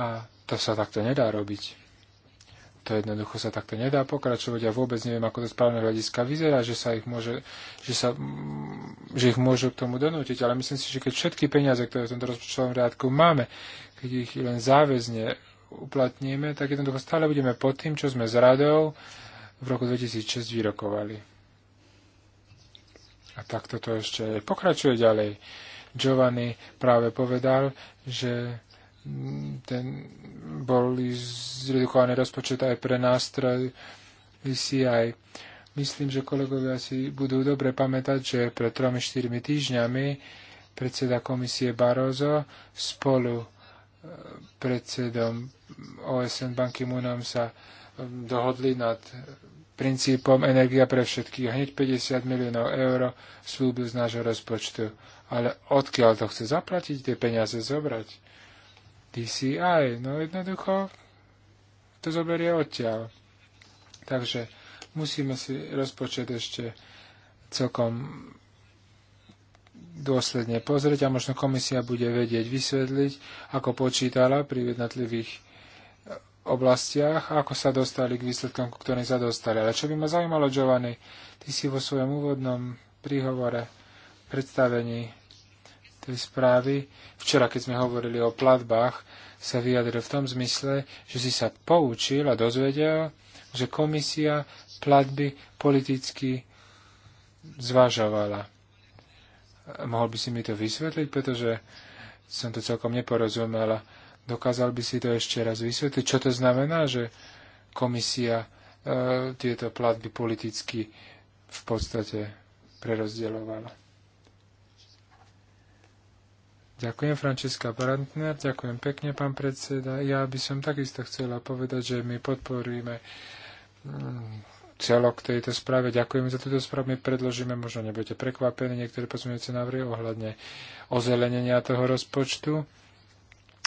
A to sa takto nedá robiť. To jednoducho sa takto nedá pokračovať ja vôbec neviem, ako to právneho hľadiska vyzerá, že sa ich môže, že, sa, že ich môžu k tomu donútiť. Ale myslím si, že keď všetky peniaze, ktoré v tomto rozpočtovom riadku máme, keď ich len záväzne uplatníme, tak jednoducho stále budeme pod tým, čo sme s radou v roku 2006 vyrokovali. A tak to ešte pokračuje ďalej. Giovanni práve povedal, že ten bol zredukovaný rozpočet aj pre nástroj VCI. Myslím, že kolegovia si budú dobre pamätať, že pred 3-4 týždňami predseda komisie Barozo spolu eh, predsedom OSN Banky Munom sa dohodli nad princípom energia pre všetkých. Hneď 50 miliónov eur slúbil z nášho rozpočtu. Ale odkiaľ to chce zaplatiť, tie peniaze zobrať? DCI, no jednoducho to zoberie odtiaľ. Takže musíme si rozpočet ešte celkom dôsledne pozrieť a možno komisia bude vedieť vysvetliť, ako počítala pri jednotlivých oblastiach ako sa dostali k výsledkom, ku ktorým sa dostali. Ale čo by ma zaujímalo, Giovanni, ty si vo svojom úvodnom príhovore, predstavení tej správy, včera, keď sme hovorili o platbách, sa vyjadril v tom zmysle, že si sa poučil a dozvedel, že komisia platby politicky zvažovala. Mohol by si mi to vysvetliť, pretože som to celkom neporozumela Dokázal by si to ešte raz vysvetliť? Čo to znamená, že komisia e, tieto platby politicky v podstate prerozdeľovala? Ďakujem, Frančiska Brandner, ďakujem pekne, pán predseda. Ja by som takisto chcela povedať, že my podporujeme mm, celok tejto správe. Ďakujeme za túto správu. My predložíme, možno nebudete prekvapení, niektoré pozmeňujúce návrhy ohľadne ozelenenia toho rozpočtu.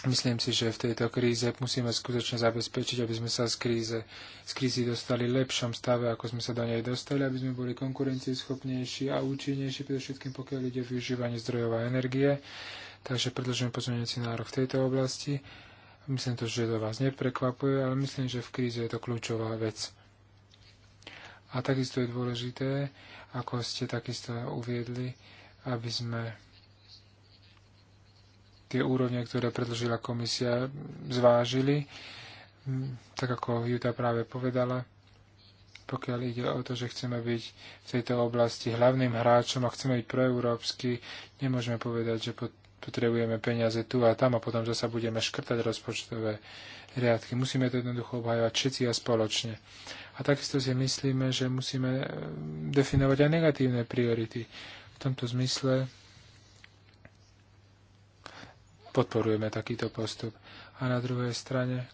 Myslím si, že v tejto kríze musíme skutočne zabezpečiť, aby sme sa z kríze, z krízy dostali v lepšom stave, ako sme sa do nej dostali, aby sme boli konkurencieschopnejší a účinnejší, predovšetkým pokiaľ ide o využívanie zdrojov a energie. Takže predložím pozmeňujúci nárok v tejto oblasti. Myslím to, že to vás neprekvapuje, ale myslím, že v kríze je to kľúčová vec. A takisto je dôležité, ako ste takisto uviedli, aby sme tie úrovne, ktoré predložila komisia, zvážili, tak ako Juta práve povedala, pokiaľ ide o to, že chceme byť v tejto oblasti hlavným hráčom a chceme byť proeurópsky, nemôžeme povedať, že potrebujeme peniaze tu a tam a potom zase budeme škrtať rozpočtové riadky. Musíme to jednoducho obhajovať všetci a spoločne. A takisto si myslíme, že musíme eh, definovať aj negatívne priority. V tomto zmysle podporujeme takýto postup. A na druhej strane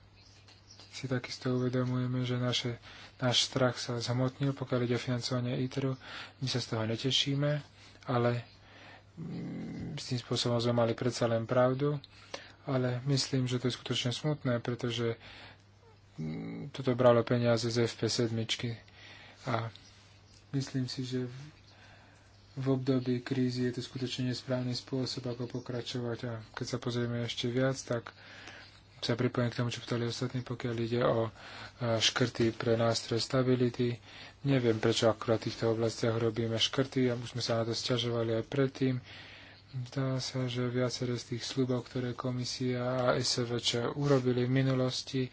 si takisto uvedomujeme, že naše, náš strach sa zhmotnil, pokiaľ ide o financovanie ITERu. My sa z toho netešíme, ale mm, s tým spôsobom sme mali predsa len pravdu. Ale myslím, že to je skutočne smutné, pretože mm, toto bralo peniaze z FP7. A myslím si, že v období krízy je to skutočne nesprávny spôsob, ako pokračovať. A keď sa pozrieme ešte viac, tak sa pripojím k tomu, čo ptali ostatní, pokiaľ ide o e, škrty pre nástroj stability. Neviem, prečo akurát v týchto oblastiach robíme škrty a už sme sa na to sťažovali aj predtým. Zdá sa, že viaceré z tých slubov, ktoré komisia a SVČ urobili v minulosti,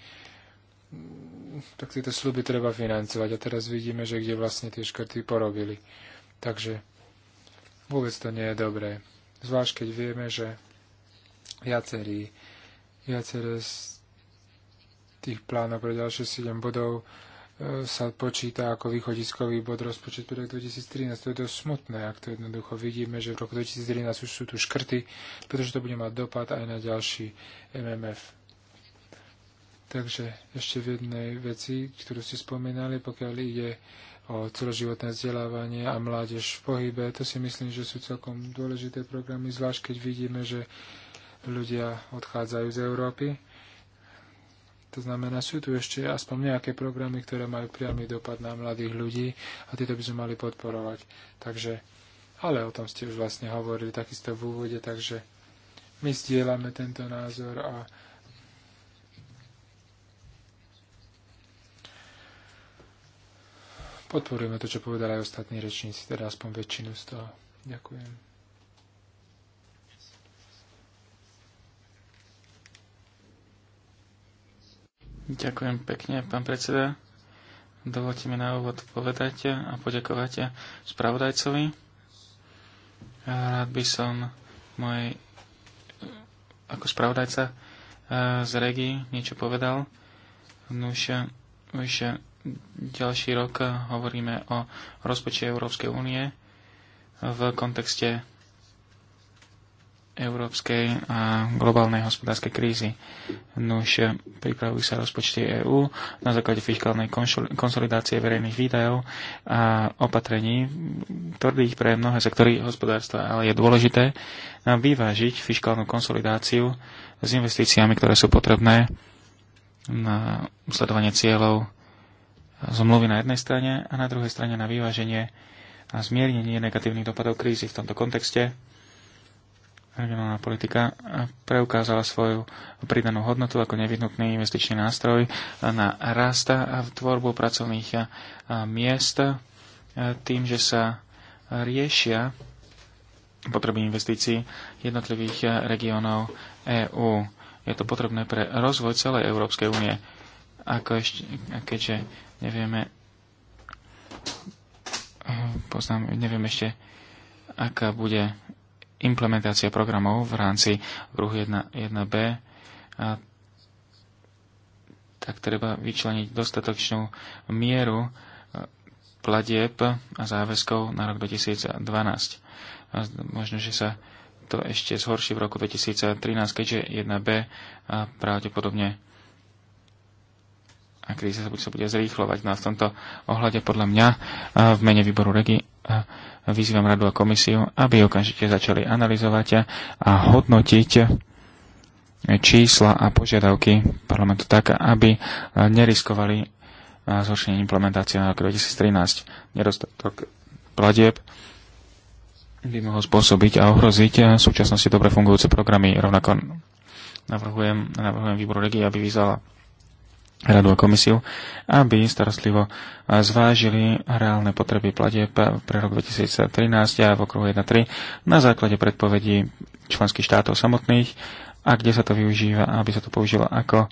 tak tieto sluby treba financovať. A teraz vidíme, že kde vlastne tie škrty porobili. Takže Vôbec to nie je dobré. Zvlášť keď vieme, že viacerí, viaceré z tých plánov pre ďalšie 7 bodov e, sa počíta ako východiskový bod rozpočet pre rok 2013. To je dosť smutné, ak to jednoducho vidíme, že v roku 2013 už sú tu škrty, pretože to bude mať dopad aj na ďalší MMF. Takže ešte v jednej veci, ktorú ste spomínali, pokiaľ ide o celoživotné vzdelávanie a mládež v pohybe. To si myslím, že sú celkom dôležité programy, zvlášť keď vidíme, že ľudia odchádzajú z Európy. To znamená, sú tu ešte aspoň nejaké programy, ktoré majú priamy dopad na mladých ľudí a tieto by sme mali podporovať. Takže, ale o tom ste už vlastne hovorili takisto v úvode, takže my sdielame tento názor a podporujeme to, čo povedali aj ostatní rečníci, teda aspoň väčšinu z toho. Ďakujem. Ďakujem pekne, pán predseda. Dovolte mi na úvod povedať a poďakovať spravodajcovi. Rád by som mojej ako spravodajca eh, z regii niečo povedal. Nuž, už ďalší rok hovoríme o rozpočte Európskej únie v kontexte európskej a globálnej hospodárskej krízy. Nuž pripravujú sa rozpočty EÚ na základe fiskálnej konsolidácie verejných výdajov a opatrení tvrdých pre mnohé sektory hospodárstva, ale je dôležité nám vyvážiť fiskálnu konsolidáciu s investíciami, ktoré sú potrebné na sledovanie cieľov zmluvy na jednej strane a na druhej strane na vyváženie a zmiernenie negatívnych dopadov krízy v tomto kontexte. Regionálna politika preukázala svoju pridanú hodnotu ako nevyhnutný investičný nástroj na rast a tvorbu pracovných miest tým, že sa riešia potreby investícií jednotlivých regiónov EÚ. Je to potrebné pre rozvoj celej Európskej únie ako ešte, a keďže nevieme, poznám, neviem ešte, aká bude implementácia programov v rámci ruhu 1, 1b, a, tak treba vyčleniť dostatočnú mieru e, platieb a záväzkov na rok 2012. A možno, že sa to ešte zhorší v roku 2013, keďže 1b a pravdepodobne a kríza sa bude zrýchlovať. No a v tomto ohľade podľa mňa v mene výboru Regi vyzývam radu a komisiu, aby okamžite začali analyzovať a hodnotiť čísla a požiadavky parlamentu tak, aby neriskovali zhoršenie implementácie na roku 2013. Nedostatok platieb by mohol spôsobiť a ohroziť v súčasnosti dobre fungujúce programy. Rovnako navrhujem, navrhujem výboru regie, aby vyzvala radu a komisiu, aby starostlivo eh, zvážili reálne potreby platieb eh, pre rok 2013 a v okruhu 1.3 na základe predpovedí členských štátov samotných a kde sa to využíva, aby sa to použilo ako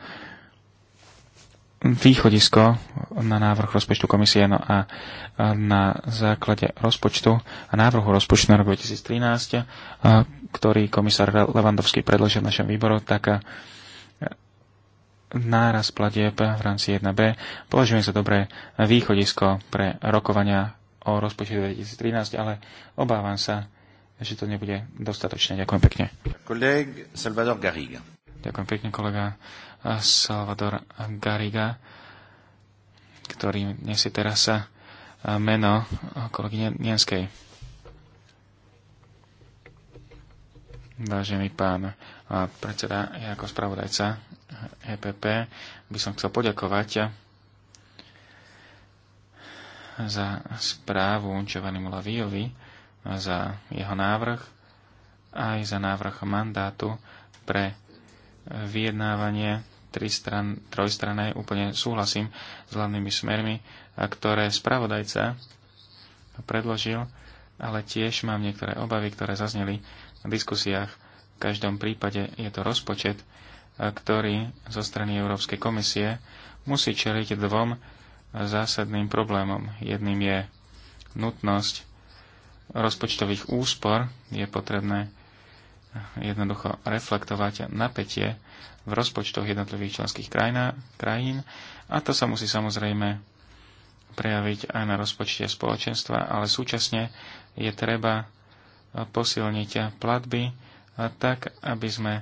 východisko na návrh rozpočtu komisie no a eh, na základe rozpočtu a návrhu rozpočtu na rok 2013, ktorý komisár Levandovský predložil v našom výboru, tak náraz platieb v rámci 1B považujem za dobré východisko pre rokovania o rozpočte 2013, ale obávam sa, že to nebude dostatočné. Ďakujem pekne. Salvador Garriga. Ďakujem pekne, kolega Salvador Garriga, ktorý nesie teraz sa meno kolegyne Nienskej. Vážený pán predseda, ja ako spravodajca EPP by som chcel poďakovať za správu Čovanimu Laviovi, za jeho návrh, aj za návrh mandátu pre vyjednávanie tristran, trojstrané. Úplne súhlasím s hlavnými smermi, ktoré spravodajca predložil, ale tiež mám niektoré obavy, ktoré zazneli v diskusiách. V každom prípade je to rozpočet, ktorý zo strany Európskej komisie musí čeliť dvom zásadným problémom. Jedným je nutnosť rozpočtových úspor. Je potrebné jednoducho reflektovať napätie v rozpočtoch jednotlivých členských krajina, krajín a to sa musí samozrejme prejaviť aj na rozpočte spoločenstva, ale súčasne je treba posilniť platby tak, aby sme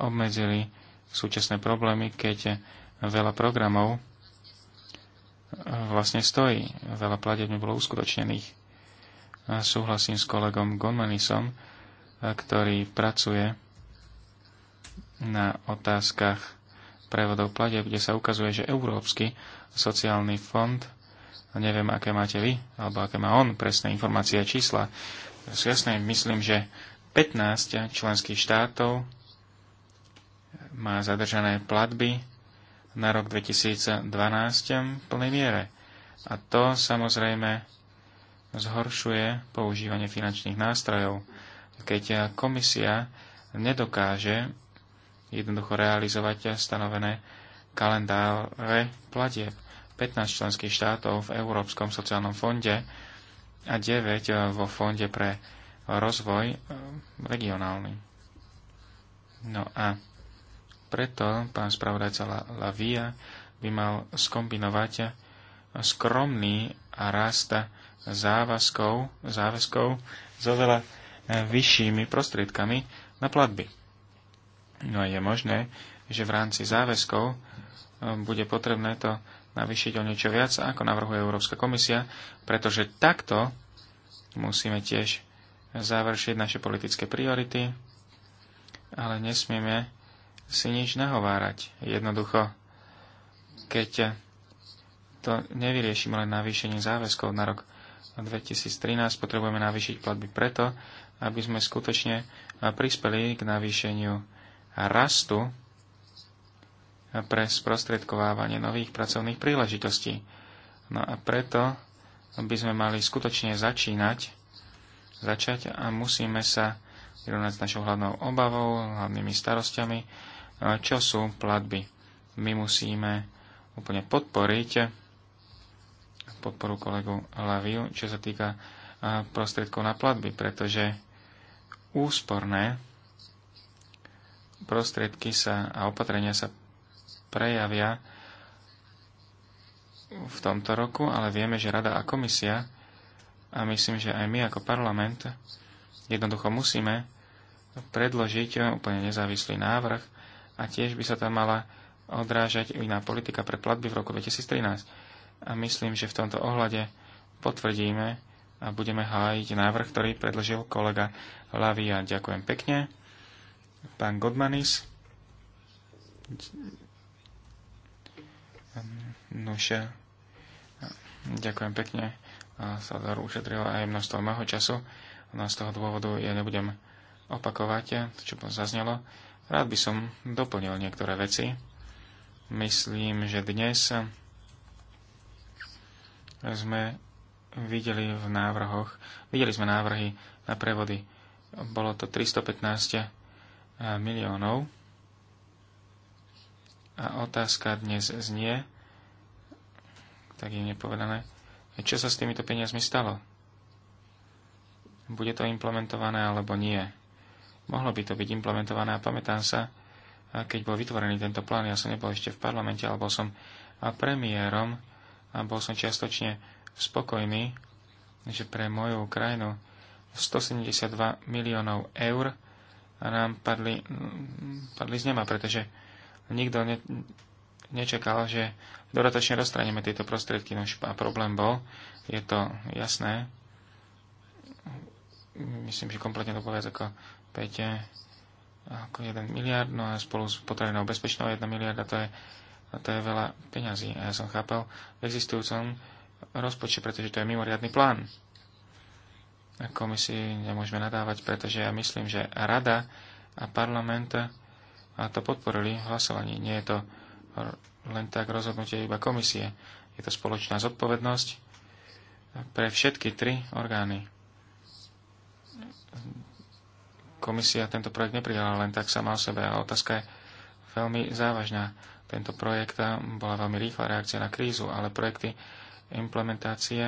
obmedzili súčasné problémy, keď veľa programov eh, vlastne stojí. Veľa pladeb nebolo uskutočnených. A súhlasím s kolegom Gonmanisom, eh, ktorý pracuje na otázkach prevodov pladeb, kde sa ukazuje, že Európsky sociálny fond, neviem, aké máte vy, alebo aké má on presné informácie a čísla, sú jasné, myslím, že 15 členských štátov má zadržané platby na rok 2012 v plnej miere. A to samozrejme zhoršuje používanie finančných nástrojov. Keď komisia nedokáže jednoducho realizovať stanovené kalendáre platieb 15 členských štátov v Európskom sociálnom fonde a 9 vo fonde pre rozvoj eh, regionálny. No a preto pán spravodajca Lavia by mal skombinovať skromný a rasta záväzkov, záväzkov s oveľa e, vyššími prostriedkami na platby. No a je možné, že v rámci záväzkov e, bude potrebné to navýšiť o niečo viac, ako navrhuje Európska komisia, pretože takto musíme tiež završiť naše politické priority, ale nesmieme si nič nahovárať. Jednoducho, keď to nevyriešime len navýšenie záväzkov na rok 2013, potrebujeme navýšiť platby preto, aby sme skutočne prispeli k navýšeniu rastu pre sprostredkovávanie nových pracovných príležitostí. No a preto by sme mali skutočne začínať, začať a musíme sa vyrovnať s našou hlavnou obavou, hlavnými starostiami, čo sú platby. My musíme úplne podporiť podporu kolegu Laviu, čo sa týka prostriedkov na platby, pretože úsporné prostriedky sa a opatrenia sa prejavia v tomto roku, ale vieme, že Rada a Komisia a myslím, že aj my ako parlament jednoducho musíme predložiť úplne nezávislý návrh a tiež by sa tam mala odrážať iná politika pre platby v roku 2013. A myslím, že v tomto ohľade potvrdíme a budeme hájiť návrh, ktorý predložil kolega Lavia. Ďakujem pekne. Pán Godmanis. Nuša. Ďakujem pekne. Sadar ušetril aj množstvo mého času. No z toho dôvodu ja nebudem opakovať, čo čo zaznelo. Rád by som doplnil niektoré veci. Myslím, že dnes sme videli v návrhoch, videli sme návrhy na prevody. Bolo to 315 miliónov. A otázka dnes znie, tak je nepovedané, čo sa s týmito peniazmi stalo? Bude to implementované alebo nie? mohlo by to byť implementované a pamätám sa, keď bol vytvorený tento plán, ja som nebol ešte v parlamente, ale bol som premiérom a bol som čiastočne spokojný, že pre moju krajinu 172 miliónov eur nám padli, padli z neba, pretože nikto ne, nečakal, že dodatočne rozstraneme tieto prostriedky. No a problém bol, je to jasné, myslím, že kompletne to povedz ako 5 eh, ako 1 miliard, no a spolu s potravinou bezpečnou 1 miliarda, to je, to je veľa peňazí. A ja som chápal v existujúcom rozpočte, pretože to je mimoriadný plán. A komisii nemôžeme nadávať, pretože ja myslím, že rada a parlament a to podporili v hlasovaní. Nie je to len tak rozhodnutie iba komisie. Je to spoločná zodpovednosť pre všetky tri orgány komisia tento projekt neprijala len tak sama o sebe a otázka je veľmi závažná. Tento projekt bola veľmi rýchla reakcia na krízu, ale projekty implementácie,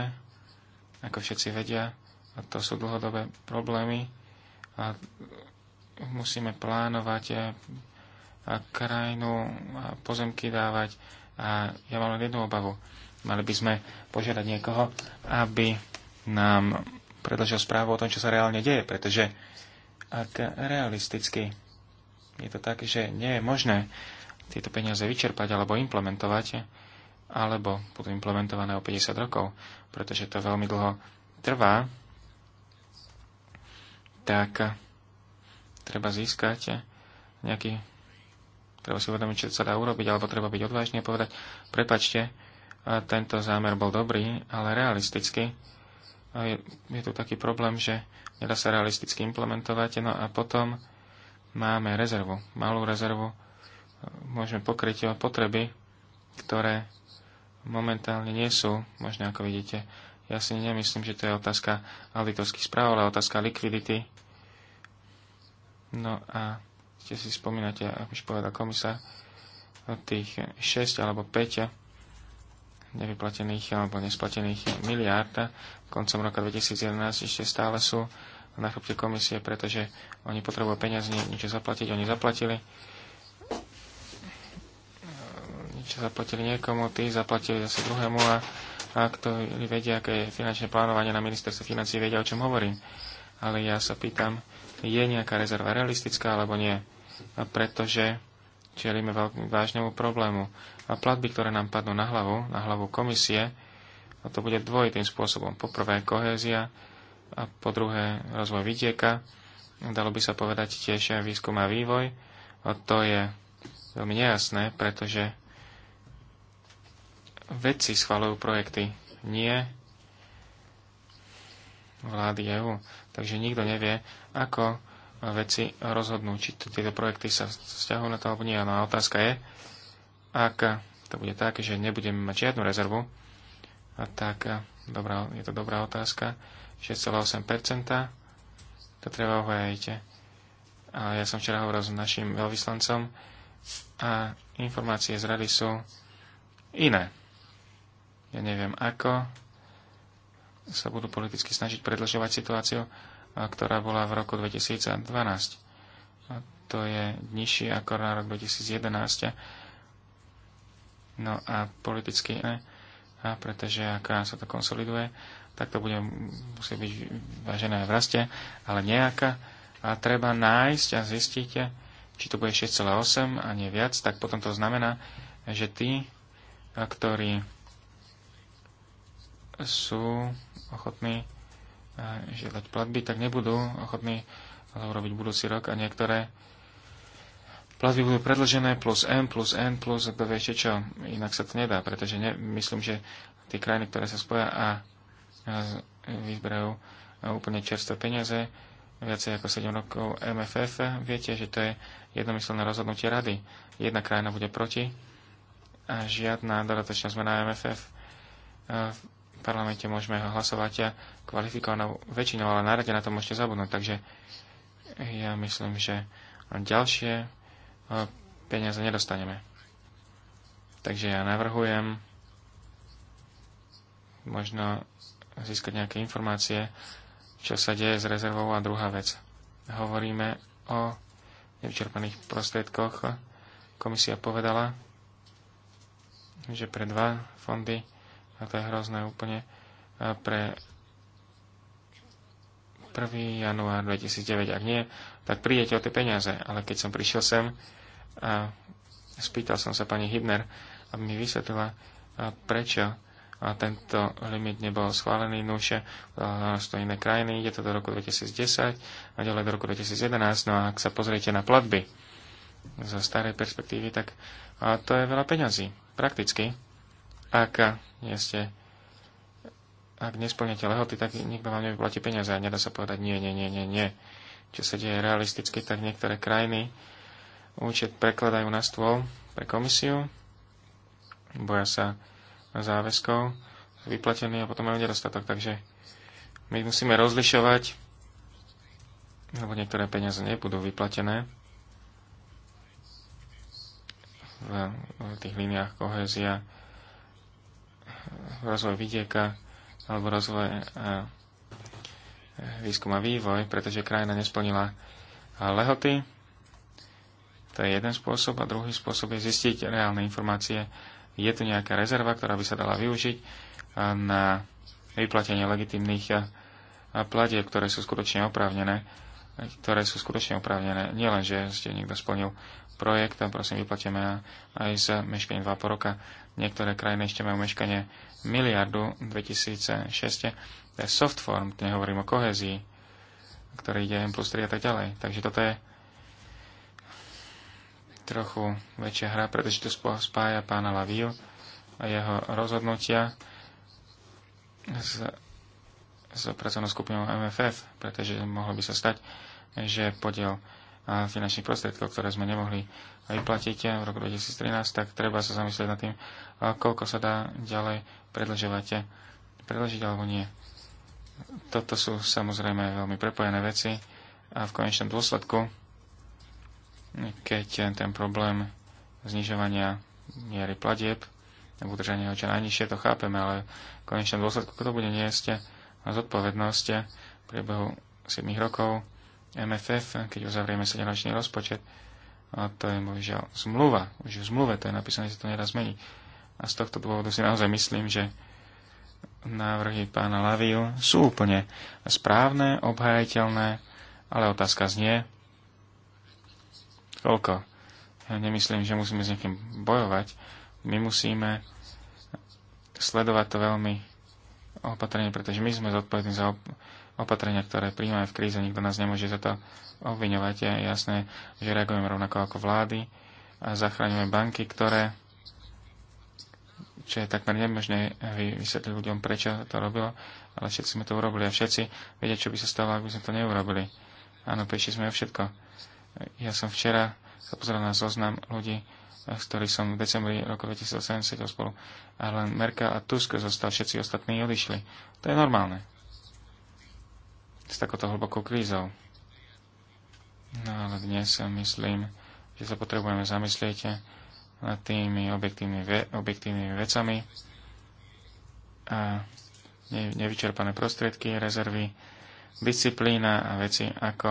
ako všetci vedia, to sú dlhodobé problémy a musíme plánovať eh, a krajinu a pozemky dávať a ja mám len jednu obavu. Mali by sme požiadať niekoho, aby nám predložil správu o tom, čo sa reálne deje, pretože ak realisticky. Je to tak, že nie je možné tieto peniaze vyčerpať alebo implementovať, alebo budú implementované o 50 rokov, pretože to veľmi dlho trvá, tak treba získať nejaký treba si uvedomiť, čo sa dá urobiť, alebo treba byť odvážny a povedať, prepačte, tento zámer bol dobrý, ale realisticky je, je tu taký problém, že nedá sa realisticky implementovať. No a potom máme rezervu, malú rezervu. Môžeme pokryť potreby, ktoré momentálne nie sú, možno ako vidíte. Ja si nemyslím, že to je otázka auditorských správ, ale otázka likvidity. No a ste si spomínate, ako už povedal komisár, tých 6 alebo 5 nevyplatených alebo nesplatených miliárd koncom roka 2011 ešte stále sú na chrbte komisie, pretože oni potrebujú peniaze, niečo zaplatiť, oni zaplatili niečo zaplatili niekomu, tí zaplatili zase druhému a, a to vedia, aké je finančné plánovanie na ministerstve financí, vedia, o čom hovorím. Ale ja sa pýtam, je nejaká rezerva realistická alebo nie? A pretože čelíme veľmi vážnemu problému. A platby, ktoré nám padnú na hlavu, na hlavu komisie, a to bude dvojitým spôsobom. Po prvé kohézia a po druhé rozvoj vidieka. Dalo by sa povedať tiež aj výskum a vývoj. A to je veľmi nejasné, pretože vedci schvalujú projekty, nie vlády EU. Takže nikto nevie, ako veci rozhodnú, či tieto projekty sa vzťahujú na to alebo nie. No a otázka je, ak to bude tak, že nebudeme mať žiadnu rezervu, a tak dobrá, je to dobrá otázka. 6,8%, to treba uvajajíte. A ja som včera hovoril s našim veľvyslancom a informácie z rady sú iné. Ja neviem, ako sa budú politicky snažiť predlžovať situáciu, ktorá bola v roku 2012. A to je nižší ako na rok 2011. No a politicky ne, a pretože ak sa to konsoliduje, tak to bude musieť byť vážené v raste, ale nejaká. A treba nájsť a zistiť, či to bude 6,8 a nie viac, tak potom to znamená, že tí, ktorí sú ochotní žiadať platby, tak nebudú ochotní to urobiť budúci rok a niektoré platby budú predlžené plus M, plus N, plus kto vie ešte čo. Inak sa to nedá, pretože ne, myslím, že tie krajiny, ktoré sa spoja a, a vyberajú úplne čerstvé peniaze, viacej ako 7 rokov MFF, viete, že to je jednomyselné rozhodnutie rady. Jedna krajina bude proti a žiadna dodatočná zmena MFF parlamente môžeme hlasovať kvalifikovanou väčšinou, ale na rade na to môžete zabudnúť. Takže ja myslím, že ďalšie e, peniaze nedostaneme. Takže ja navrhujem možno získať nejaké informácie, čo sa deje s rezervou a druhá vec. Hovoríme o nevyčerpaných prostriedkoch. Komisia povedala, že pre dva fondy a to je hrozné úplne e, pre 1. január 2009. Ak nie, tak prídete o tie peniaze. Ale keď som prišiel sem a spýtal som sa pani Hibner, aby mi vysvetlila, e, prečo a tento limit nebol schválený nuše e, to iné krajiny, ide to do roku 2010 a ďalej do roku 2011. No a ak sa pozriete na platby zo starej perspektívy, tak a to je veľa peňazí, prakticky ak nie ste ak nesplňate lehoty, tak nikto vám nevyplatí peniaze a nedá sa povedať nie, nie, nie, nie, nie. Čo sa deje realisticky, tak niektoré krajiny účet prekladajú na stôl pre komisiu, boja sa záväzkov, vyplatený a potom majú nedostatok. Takže my musíme rozlišovať, lebo niektoré peniaze nebudú vyplatené v tých líniách kohézia rozvoj vidieka alebo rozvoj e, výskum a vývoj, pretože krajina nesplnila e, lehoty. To je jeden spôsob. A druhý spôsob je zistiť reálne informácie. Je tu nejaká rezerva, ktorá by sa dala využiť e, na vyplatenie legitimných platieb, ktoré sú skutočne oprávnené ktoré sú skutočne oprávnené. Nie len, že ste niekto splnil projekt, tam prosím vyplatíme aj z meškania 2 po roka. Niektoré krajiny ešte majú meškanie miliardu 2006. To je soft form, nehovorím o kohezii, ktorý ide M plus 3 a tak ďalej. Takže toto je trochu väčšia hra, pretože tu spája pána Laviu a jeho rozhodnutia s, s pracovnou skupinou MFF, pretože mohlo by sa stať, že podiel finančných prostriedkov, ktoré sme nemohli vyplatiť v roku 2013, tak treba sa zamyslieť nad tým, koľko sa dá ďalej predlžovať, predlžiť alebo nie. Toto sú samozrejme veľmi prepojené veci a v konečnom dôsledku, keď ten problém znižovania miery platieb a udržania ho čo najnižšie, to chápeme, ale v konečnom dôsledku, kto bude niesť zodpovednosť v priebehu 7 rokov MFF, keď uzavrieme 7 rozpočet, a to je bohužiaľ zmluva. Už v zmluve to je napísané, že sa to nedá zmeniť. A z tohto dôvodu si naozaj myslím, že návrhy pána Laviu sú úplne správne, obhajateľné, ale otázka znie, koľko. Ja nemyslím, že musíme s niekým bojovať. My musíme sledovať to veľmi opatrne, pretože my sme zodpovední za, opatrenia, ktoré príjmame v kríze, nikto nás nemôže za to obviňovať. Je jasné, že reagujeme rovnako ako vlády a zachraňujeme banky, ktoré čo je takmer nemožné vysvetliť ľuďom, prečo to robilo, ale všetci sme to urobili a všetci vedia, čo by sa stalo, ak by sme to neurobili. Áno, prišli sme o všetko. Ja som včera sa pozrel na zoznam ľudí, z ktorých som v decembri roku 2017 sedel spolu. A len Merkel a Tusk zostal, všetci ostatní odišli. To je normálne s takouto hlbokou krízou. No ale dnes myslím, že sa potrebujeme zamyslieť nad tými objektívnymi, ve- objektívnymi vecami a ne- nevyčerpané prostriedky, rezervy, disciplína a veci ako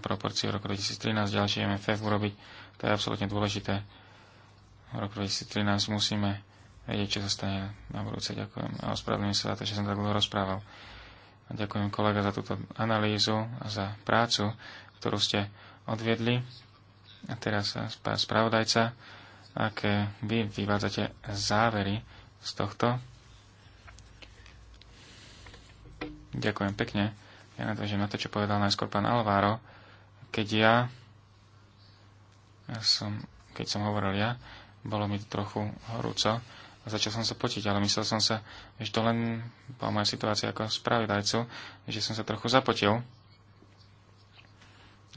proporciu roku 2013 ďalšie MFF urobiť. To je absolútne dôležité. V roku 2013 musíme vedieť, čo sa stane na budúce. Ďakujem a ospravedlňujem sa za to, že som tak dlho rozprával. A ďakujem kolega za túto analýzu a za prácu, ktorú ste odviedli. A teraz eh, pán spravodajca, aké vy vyvádzate závery z tohto. Ďakujem pekne. Ja nadvežem na to, čo povedal najskôr pán Alváro. Keď ja, ja som, keď som hovoril ja, bolo mi to trochu horúco, a začal som sa potiť, ale myslel som sa, že to len bola moja situácia ako spravidajcu, že som sa trochu zapotil,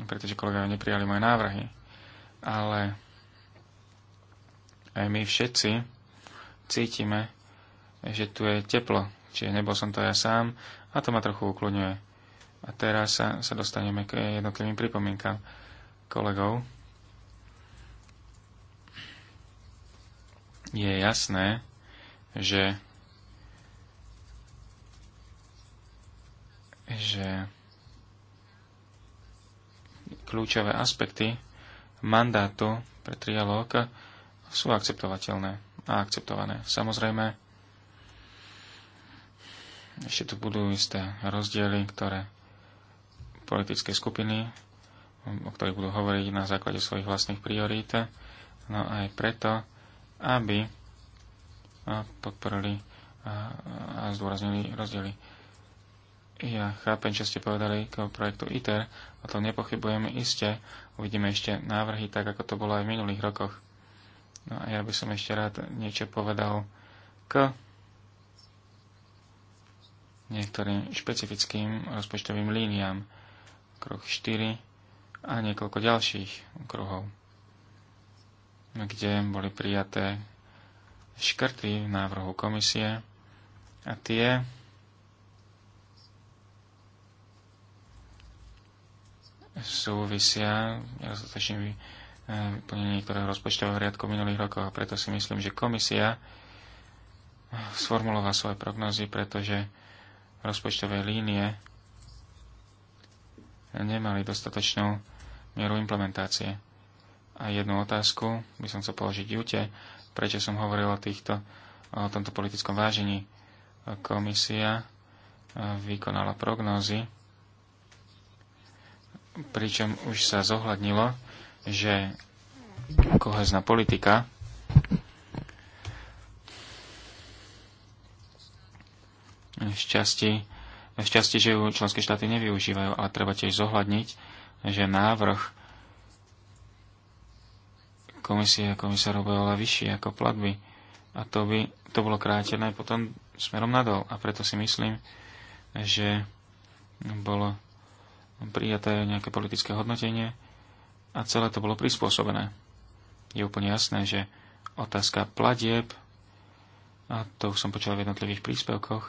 pretože kolegovia neprijali moje návrhy. Ale aj my všetci cítime, že tu je teplo, čiže nebol som to ja sám a to ma trochu ukludňuje. A teraz sa, sa dostaneme k jednotlivým pripomienkam kolegov. je jasné, že že kľúčové aspekty mandátu pre trialóg sú akceptovateľné a akceptované. Samozrejme, ešte tu budú isté rozdiely, ktoré politické skupiny, o ktorých budú hovoriť na základe svojich vlastných priorít. No aj preto aby podporili a zdôraznili rozdiely. Ja chápem, čo ste povedali k projektu ITER, o tom nepochybujeme iste, uvidíme ešte návrhy, tak ako to bolo aj v minulých rokoch. No a ja by som ešte rád niečo povedal k niektorým špecifickým rozpočtovým líniám, kruh 4 a niekoľko ďalších kruhov kde boli prijaté škrty v návrhu komisie a tie súvisia s teším eh, vyplnenie niektorého rozpočtového riadku v minulých rokoch a preto si myslím, že komisia sformulovala svoje prognozy, pretože rozpočtové línie nemali dostatočnú mieru implementácie. A jednu otázku by som chcel položiť Jute, prečo som hovoril o, týchto, o tomto politickom vážení. Komisia e, vykonala prognózy, pričom už sa zohľadnilo, že kohezná politika šťastí, šťastie, že ju členské štáty nevyužívajú, ale treba tiež zohľadniť, že návrh komisie a komisárov bola vyššie ako platby. A to by to bolo krátené potom smerom nadol. A preto si myslím, že bolo prijaté nejaké politické hodnotenie a celé to bolo prispôsobené. Je úplne jasné, že otázka platieb, a to už som počal v jednotlivých príspevkoch,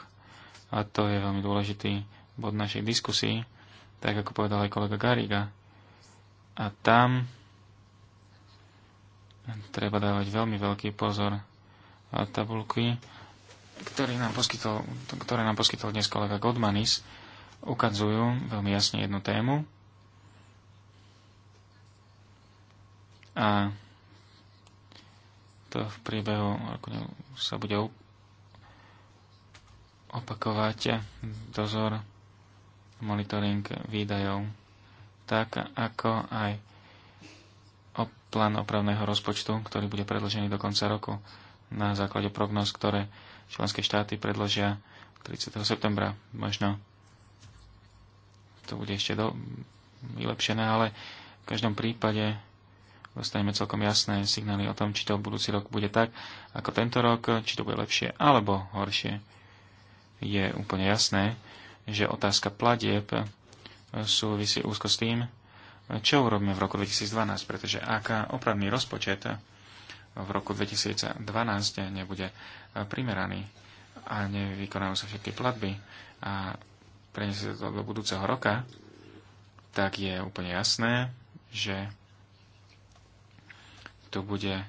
a to je veľmi dôležitý bod našich diskusí, tak ako povedal aj kolega Gariga. A tam treba dávať veľmi veľký pozor a tabulky, ktoré nám poskytol, ktoré nám poskytol dnes kolega Godmanis, ukazujú veľmi jasne jednu tému. A to v priebehu sa bude opakovať dozor, monitoring výdajov, tak ako aj plán opravného rozpočtu, ktorý bude predložený do konca roku na základe prognoz, ktoré členské štáty predložia 30. septembra. Možno to bude ešte do, vylepšené, ale v každom prípade dostaneme celkom jasné signály o tom, či to budúci rok bude tak ako tento rok, či to bude lepšie alebo horšie. Je úplne jasné, že otázka platieb súvisí úzko s tým, čo urobíme v roku 2012, pretože ak opravný rozpočet v roku 2012 nebude eh, primeraný a nevykonajú sa všetky platby a preniesie to do budúceho roka, tak je úplne jasné, že tu bude eh,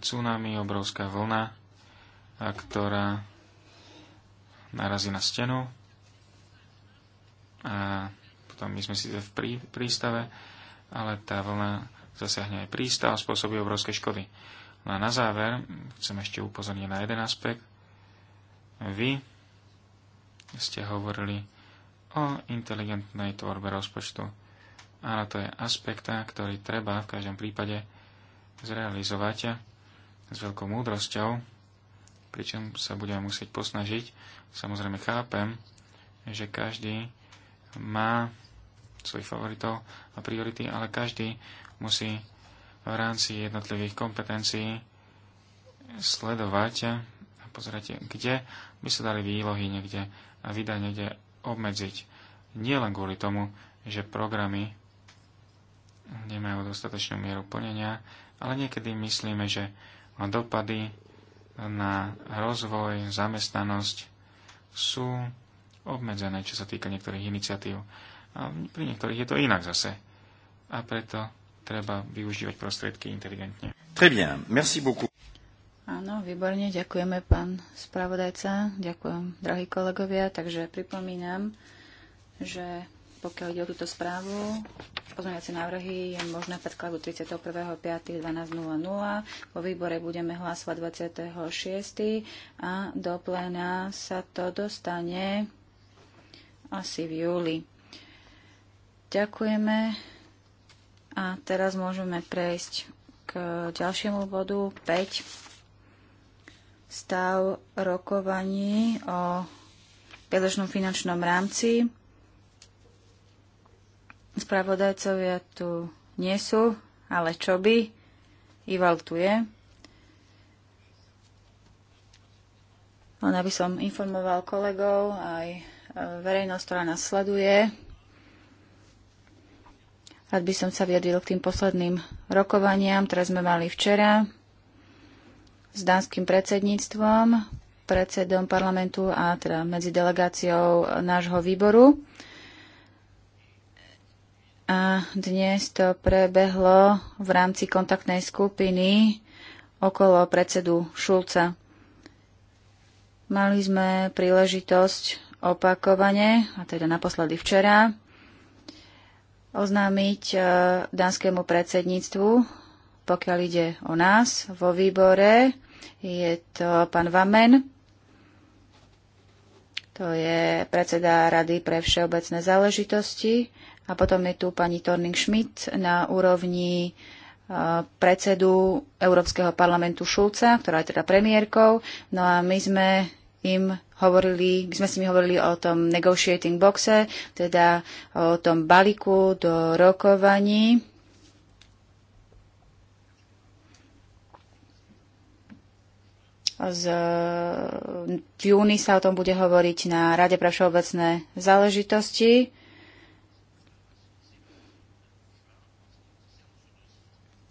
tsunami, obrovská vlna, eh, ktorá narazí na stenu a potom my sme si v prí, prístave, ale tá vlna zasiahne aj prístav a spôsobí obrovské škody. No a na záver chcem ešte upozorniť na jeden aspekt. Vy ste hovorili o inteligentnej tvorbe rozpočtu. Ale to je aspekt, ktorý treba v každom prípade zrealizovať s veľkou múdrosťou, pričom sa budeme musieť posnažiť. Samozrejme chápem, že každý má svojich favoritov a priority, ale každý musí v rámci jednotlivých kompetencií sledovať a pozerať, kde by sa dali výlohy niekde a vydať niekde obmedziť. Nie len kvôli tomu, že programy nemajú dostatočnú mieru plnenia, ale niekedy myslíme, že dopady na rozvoj, zamestnanosť sú obmedzené, čo sa týka niektorých iniciatív. A pri niektorých je to inak zase. A preto treba využívať prostriedky inteligentne. Très bien, merci beaucoup. Áno, výborne, ďakujeme pán spravodajca, ďakujem drahí kolegovia, takže pripomínam, že pokiaľ ide o túto správu, pozmeňujúce návrhy je možné predkladu 31.5.12.00, vo výbore budeme hlasovať 26. a do pléna sa to dostane asi v júli. Ďakujeme. A teraz môžeme prejsť k ďalšiemu bodu 5 stav rokovaní o bežnom finančnom rámci. Spravodajcovia tu nie sú, ale čo by? Ival tu je. Len aby som informoval kolegov aj e, verejnosť, ktorá nás sleduje, Rád by som sa vyjadril k tým posledným rokovaniam, ktoré sme mali včera s dánskym predsedníctvom, predsedom parlamentu a teda medzi delegáciou nášho výboru. A dnes to prebehlo v rámci kontaktnej skupiny okolo predsedu Šulca. Mali sme príležitosť opakovane, a teda naposledy včera, oznámiť e, dánskému predsedníctvu, pokiaľ ide o nás vo výbore. Je to pán Vamen, to je predseda Rady pre všeobecné záležitosti. A potom je tu pani Torning Schmidt na úrovni e, predsedu Európskeho parlamentu Šulca, ktorá je teda premiérkou. No a my sme im hovorili, my sme s nimi hovorili o tom negotiating boxe, teda o tom balíku do rokovaní. Z, v júni sa o tom bude hovoriť na Rade pre všeobecné záležitosti.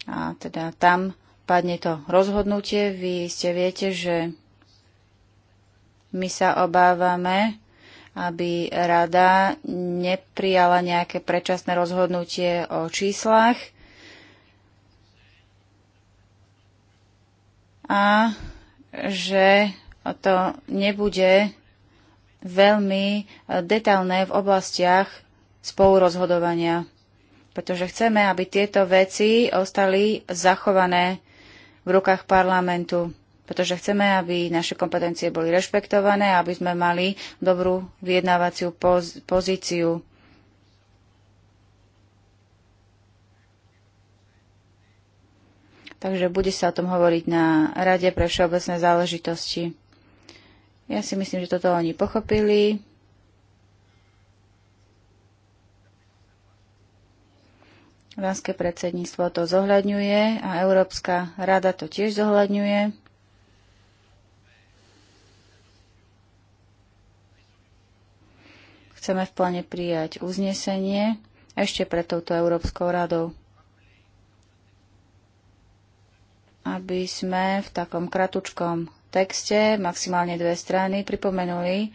A teda tam padne to rozhodnutie. Vy ste viete, že my sa obávame, aby rada neprijala nejaké predčasné rozhodnutie o číslach a že to nebude veľmi detailné v oblastiach spolurozhodovania, pretože chceme, aby tieto veci ostali zachované v rukách parlamentu pretože chceme, aby naše kompetencie boli rešpektované, aby sme mali dobrú vyjednávaciu poz- pozíciu. Takže bude sa o tom hovoriť na Rade pre všeobecné záležitosti. Ja si myslím, že toto oni pochopili. Vánske predsedníctvo to zohľadňuje a Európska rada to tiež zohľadňuje. Chceme v plne prijať uznesenie ešte pred touto Európskou radou, aby sme v takom kratučkom texte, maximálne dve strany, pripomenuli,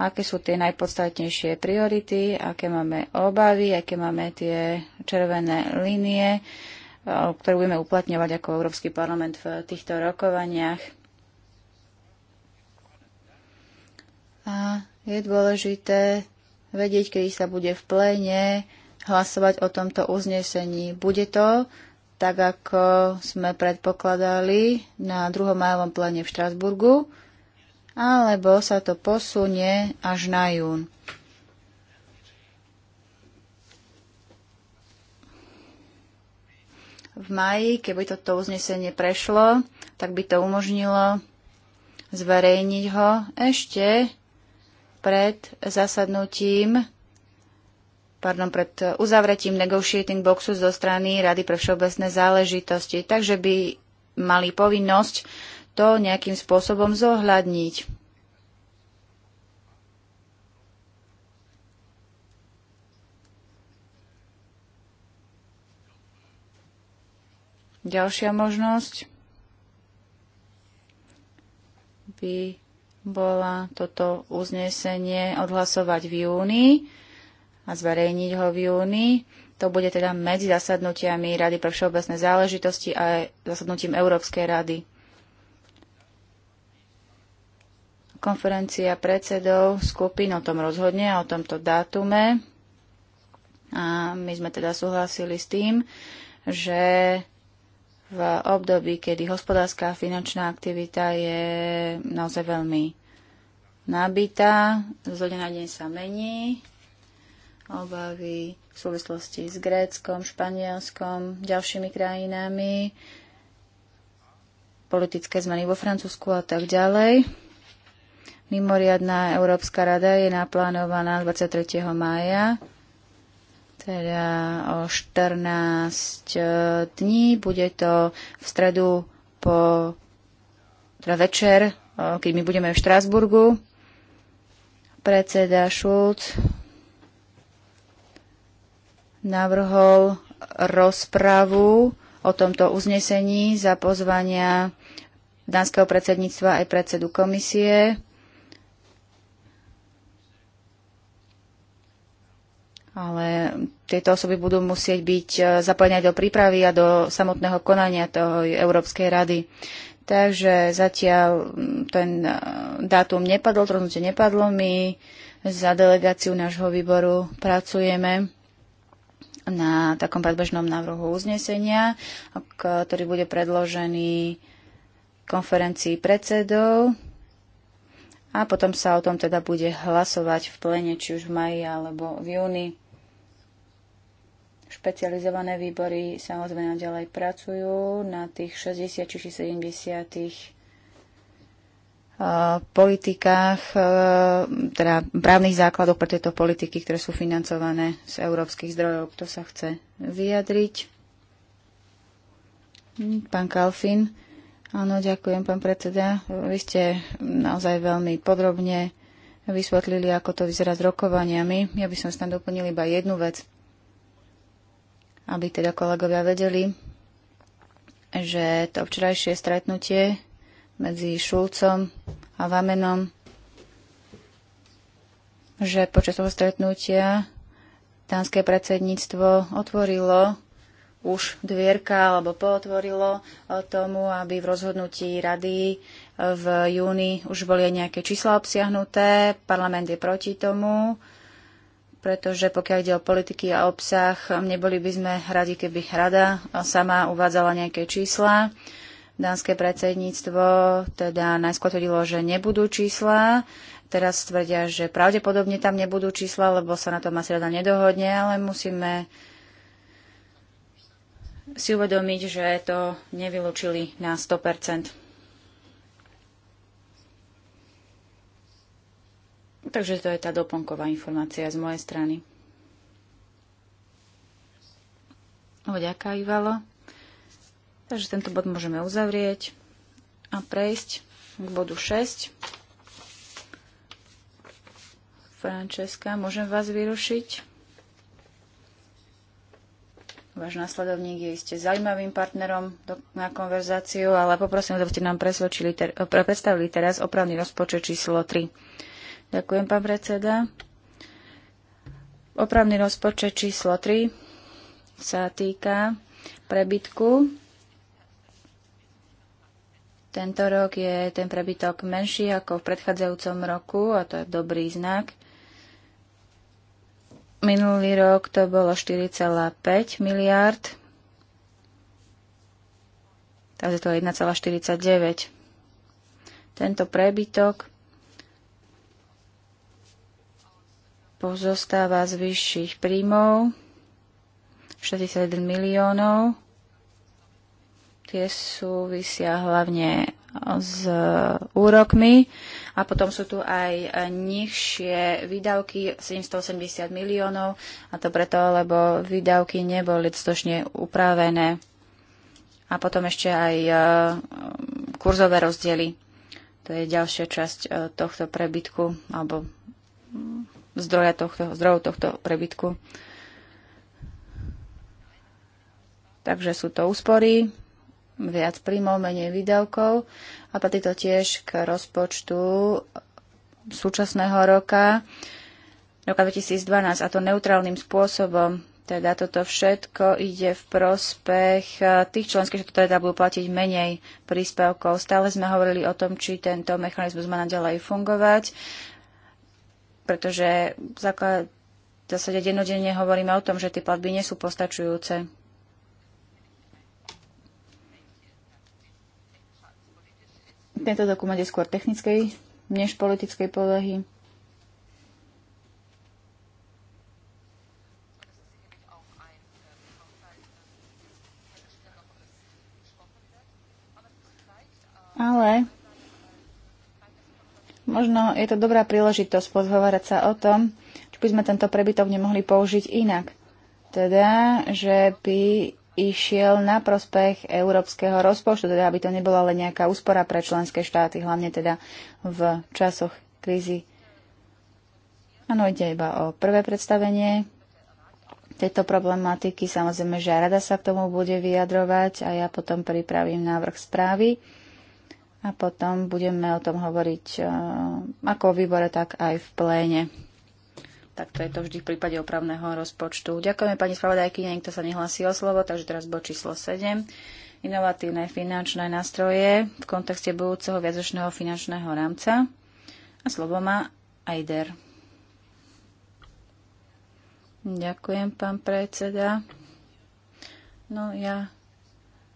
aké sú tie najpodstatnejšie priority, aké máme obavy, aké máme tie červené línie, ktoré budeme uplatňovať ako Európsky parlament v týchto rokovaniach. A je dôležité vedieť, kedy sa bude v pléne hlasovať o tomto uznesení. Bude to tak, ako sme predpokladali na 2. majovom pléne v Štrasburgu, alebo sa to posunie až na jún. v maji, keby toto uznesenie prešlo, tak by to umožnilo zverejniť ho ešte pred zasadnutím pardon, pred uzavretím negotiating boxu zo strany Rady pre všeobecné záležitosti. Takže by mali povinnosť to nejakým spôsobom zohľadniť. Ďalšia možnosť by bola toto uznesenie odhlasovať v júni a zverejniť ho v júni. To bude teda medzi zasadnutiami Rady pre všeobecné záležitosti a zasadnutím Európskej rady. Konferencia predsedov skupín o tom rozhodne, o tomto dátume. A my sme teda súhlasili s tým, že v období, kedy hospodárska a finančná aktivita je naozaj veľmi nabitá, zhodne na deň sa mení, obavy v súvislosti s Gréckom, Španielskom, ďalšími krajinami, politické zmeny vo Francúzsku a tak ďalej. Mimoriadná Európska rada je naplánovaná 23. mája teda o 14 e, dní. Bude to v stredu po teda večer, e, keď my budeme v Štrásburgu. Predseda Šulc navrhol rozpravu o tomto uznesení za pozvania dánskeho predsedníctva aj predsedu komisie. ale tieto osoby budú musieť byť e, zapojené do prípravy a do samotného konania toho Európskej rady. Takže zatiaľ ten e, dátum nepadol, rozhodnutie nepadlo. My za delegáciu nášho výboru pracujeme na takom predbežnom návrhu uznesenia, ktorý bude predložený konferencii predsedov a potom sa o tom teda bude hlasovať v plene, či už v maji alebo v júni. Špecializované výbory samozrejme ďalej pracujú na tých 60 či 70 eh, politikách, eh, teda právnych základoch pre tieto politiky, ktoré sú financované z európskych zdrojov. Kto sa chce vyjadriť? Hm, pán Kalfin. Áno, ďakujem, pán predseda. Vy ste naozaj veľmi podrobne vysvetlili, ako to vyzerá s rokovaniami. Ja by som tam doplnil iba jednu vec aby teda kolegovia vedeli, že to včerajšie stretnutie medzi Šulcom a Vamenom, že počas toho stretnutia dánske predsedníctvo otvorilo už dvierka alebo pootvorilo eh, tomu, aby v rozhodnutí rady eh, v júni už boli aj nejaké čísla obsiahnuté. Parlament je proti tomu pretože pokiaľ ide o politiky a obsah, neboli by sme radi, keby rada sama uvádzala nejaké čísla. Dánske predsedníctvo teda najskôr tvrdilo, že nebudú čísla, teraz tvrdia, že pravdepodobne tam nebudú čísla, lebo sa na tom asi rada nedohodne, ale musíme si uvedomiť, že to nevylučili na 100%. Takže to je tá doplnková informácia z mojej strany. Ďaká Ivalo. Takže tento bod môžeme uzavrieť a prejsť k bodu 6. Frančeska, môžem vás vyrušiť? Váš následovník je iste zaujímavým partnerom do, na konverzáciu, ale poprosím, aby ste nám predstavili teraz opravný rozpočet číslo 3. Ďakujem, pán predseda. Opravný rozpočet číslo 3 sa týka prebytku. Tento rok je ten prebytok menší ako v predchádzajúcom roku a to je dobrý znak. Minulý rok to bolo 4,5 miliard, takže to je 1,49. Tento prebytok pozostáva z vyšších príjmov 61 miliónov. Tie súvisia hlavne s úrokmi a potom sú tu aj nižšie výdavky 780 miliónov a to preto, lebo výdavky neboli dostatočne upravené a potom ešte aj e, kurzové rozdiely. To je ďalšia časť e, tohto prebytku alebo zdroja tohto, zdrojov tohto prebytku. Takže sú to úspory, viac príjmov, menej výdavkov a patrí to tiež k rozpočtu súčasného roka, roka 2012 a to neutrálnym spôsobom. Teda toto všetko ide v prospech eh, tých členských, ktoré teda budú platiť menej príspevkov. Stále sme hovorili o tom, či tento mechanizmus má naďalej fungovať pretože v zásade dennodenne hovoríme o tom, že tie platby nie sú postačujúce. Tento dokument je skôr technickej než politickej povahy. Ale Možno je to dobrá príležitosť pozhovárať sa o tom, či by sme tento prebytok nemohli použiť inak. Teda, že by išiel na prospech európskeho rozpočtu, teda aby to nebola len nejaká úspora pre členské štáty, hlavne teda v časoch krízy. Áno, ide iba o prvé predstavenie tejto problematiky. Samozrejme, že rada sa k tomu bude vyjadrovať a ja potom pripravím návrh správy a potom budeme o tom hovoriť e, ako o výbore, tak aj v pléne. Tak to je to vždy v prípade opravného rozpočtu. Ďakujeme pani spravodajky, niekto sa nehlasí o slovo, takže teraz bod číslo 7. Inovatívne finančné nástroje v kontexte budúceho viacročného finančného rámca. A slovo má Aider. Ďakujem, pán predseda. No ja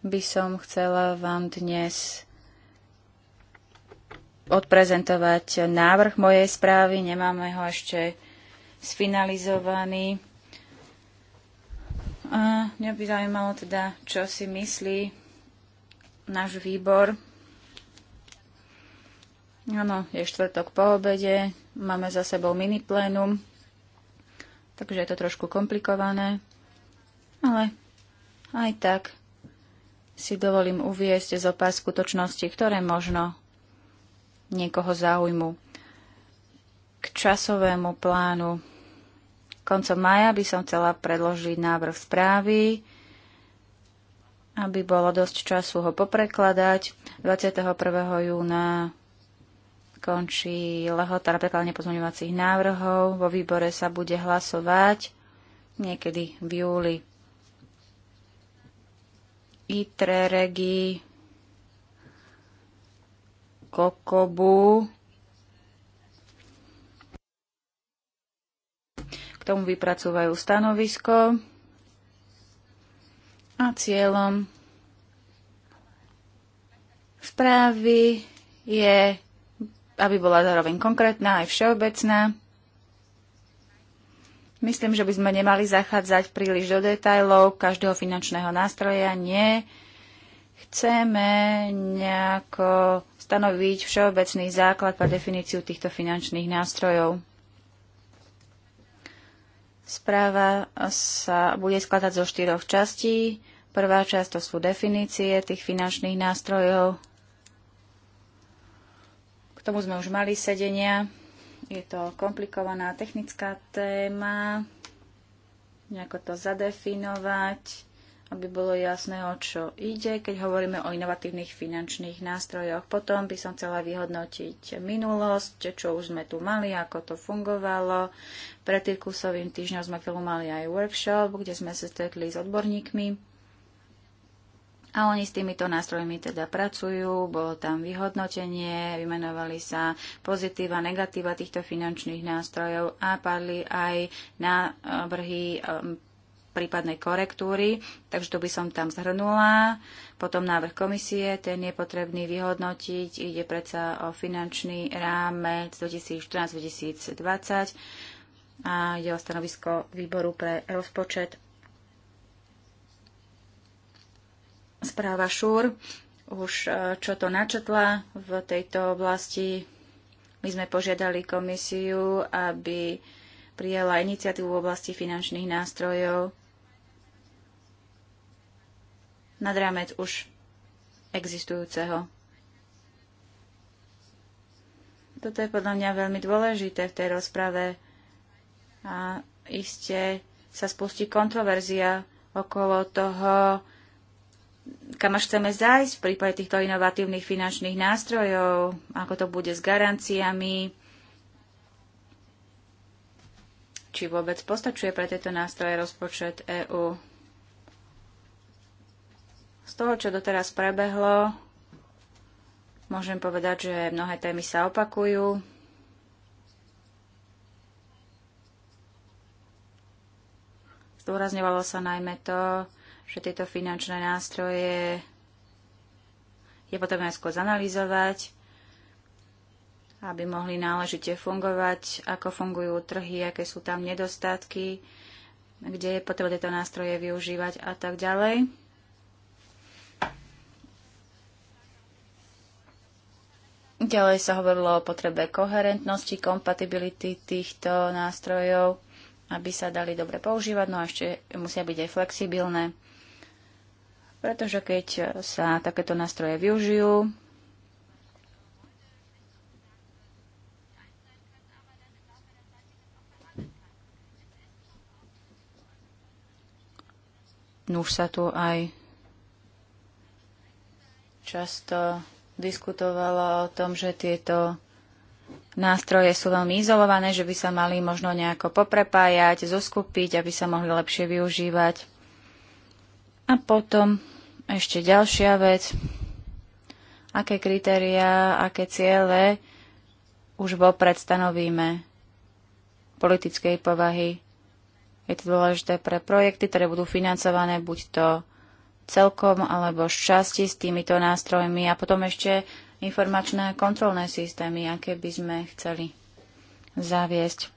by som chcela vám dnes odprezentovať návrh mojej správy. Nemáme ho ešte sfinalizovaný. A mňa by zaujímalo teda, čo si myslí náš výbor. Áno, je štvrtok po obede, máme za sebou mini plénum, takže je to trošku komplikované, ale aj tak si dovolím uviesť zo pár skutočností, ktoré možno niekoho záujmu. K časovému plánu. Koncom maja by som chcela predložiť návrh správy, aby bolo dosť času ho poprekladať. 21. júna končí lehota na prekladanie pozmeňovacích návrhov. Vo výbore sa bude hlasovať niekedy v júli. ITRE, REGI, Kokobu. K tomu vypracúvajú stanovisko a cieľom správy je, aby bola zároveň konkrétna aj všeobecná. Myslím, že by sme nemali zachádzať príliš do detajlov každého finančného nástroja. Nie chceme nejako stanoviť všeobecný základ pre definíciu týchto finančných nástrojov. Správa sa bude skladať zo štyroch častí. Prvá časť to sú definície tých finančných nástrojov. K tomu sme už mali sedenia. Je to komplikovaná technická téma, nejako to zadefinovať aby bolo jasné, o čo ide, keď hovoríme o inovatívnych finančných nástrojoch. Potom by som chcela vyhodnotiť minulosť, čo už sme tu mali, ako to fungovalo. Pred Tyrkusovým týždňom sme k mali aj workshop, kde sme sa stretli s odborníkmi. A oni s týmito nástrojmi teda pracujú, bolo tam vyhodnotenie, vymenovali sa pozitíva, negatíva týchto finančných nástrojov a padli aj návrhy um, prípadnej korektúry, takže to by som tam zhrnula. Potom návrh komisie, ten je potrebný vyhodnotiť, ide predsa o finančný rámec 2014-2020 a ide o stanovisko výboru pre rozpočet. Správa ŠUR už e, čo to načetla v tejto oblasti. My sme požiadali komisiu, aby prijala iniciatívu v oblasti finančných nástrojov nad rámec už existujúceho. Toto je podľa mňa veľmi dôležité v tej rozprave a iste sa spustí kontroverzia okolo toho, kam až chceme zájsť v prípade týchto inovatívnych finančných nástrojov, ako to bude s garanciami, či vôbec postačuje pre tieto nástroje rozpočet EÚ. Z toho, čo doteraz prebehlo, môžem povedať, že mnohé témy sa opakujú. Zdôrazňovalo sa najmä to, že tieto finančné nástroje je potrebné skôr zanalýzovať, aby mohli náležite fungovať, ako fungujú trhy, aké sú tam nedostatky, kde je potrebné tieto nástroje využívať a tak ďalej. Ďalej sa hovorilo o potrebe koherentnosti, kompatibility týchto nástrojov, aby sa dali dobre používať, no a ešte musia byť aj flexibilné, pretože keď sa takéto nástroje využijú, už sa tu aj často diskutovala o tom, že tieto nástroje sú veľmi izolované, že by sa mali možno nejako poprepájať, zoskupiť, aby sa mohli lepšie využívať. A potom ešte ďalšia vec, aké kritériá, aké ciele už vopred stanovíme politickej povahy. Je to dôležité pre projekty, ktoré budú financované buď to celkom alebo z časti s týmito nástrojmi a potom ešte informačné kontrolné systémy, aké by sme chceli zaviesť.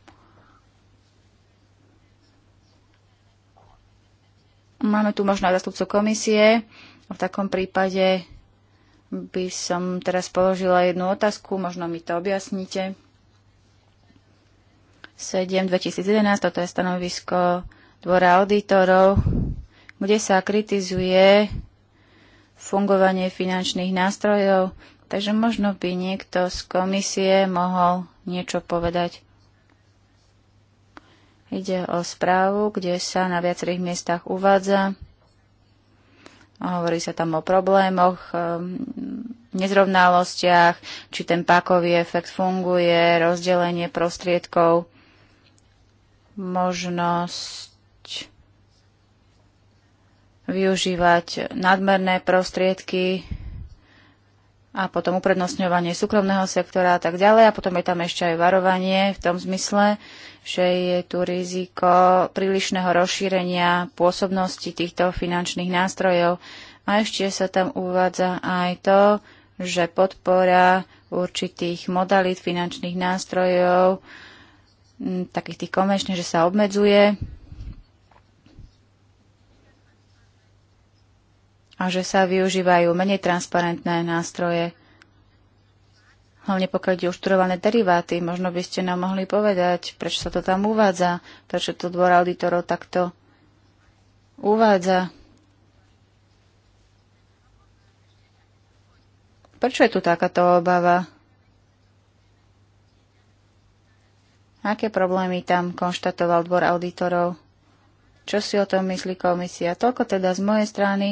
Máme tu možno aj zastupcu komisie. V takom prípade by som teraz položila jednu otázku, možno mi to objasnite. 7.2011, toto je stanovisko Dvora auditorov kde sa kritizuje fungovanie finančných nástrojov, takže možno by niekto z komisie mohol niečo povedať. Ide o správu, kde sa na viacerých miestach uvádza, hovorí sa tam o problémoch, ehm, nezrovnalostiach, či ten pákový efekt funguje, rozdelenie prostriedkov, možnosť využívať nadmerné prostriedky a potom uprednostňovanie súkromného sektora a tak ďalej. A potom je tam ešte aj varovanie v tom zmysle, že je tu riziko prílišného rozšírenia pôsobnosti týchto finančných nástrojov. A ešte sa tam uvádza aj to, že podpora určitých modalít finančných nástrojov, takých tých komerčných, že sa obmedzuje a že sa využívajú menej transparentné nástroje, hlavne pokiaľ ide o deriváty. Možno by ste nám mohli povedať, prečo sa to tam uvádza, prečo to dvor auditorov takto uvádza. Prečo je tu takáto obava? Aké problémy tam konštatoval dvor auditorov? Čo si o tom myslí komisia? Toľko teda z mojej strany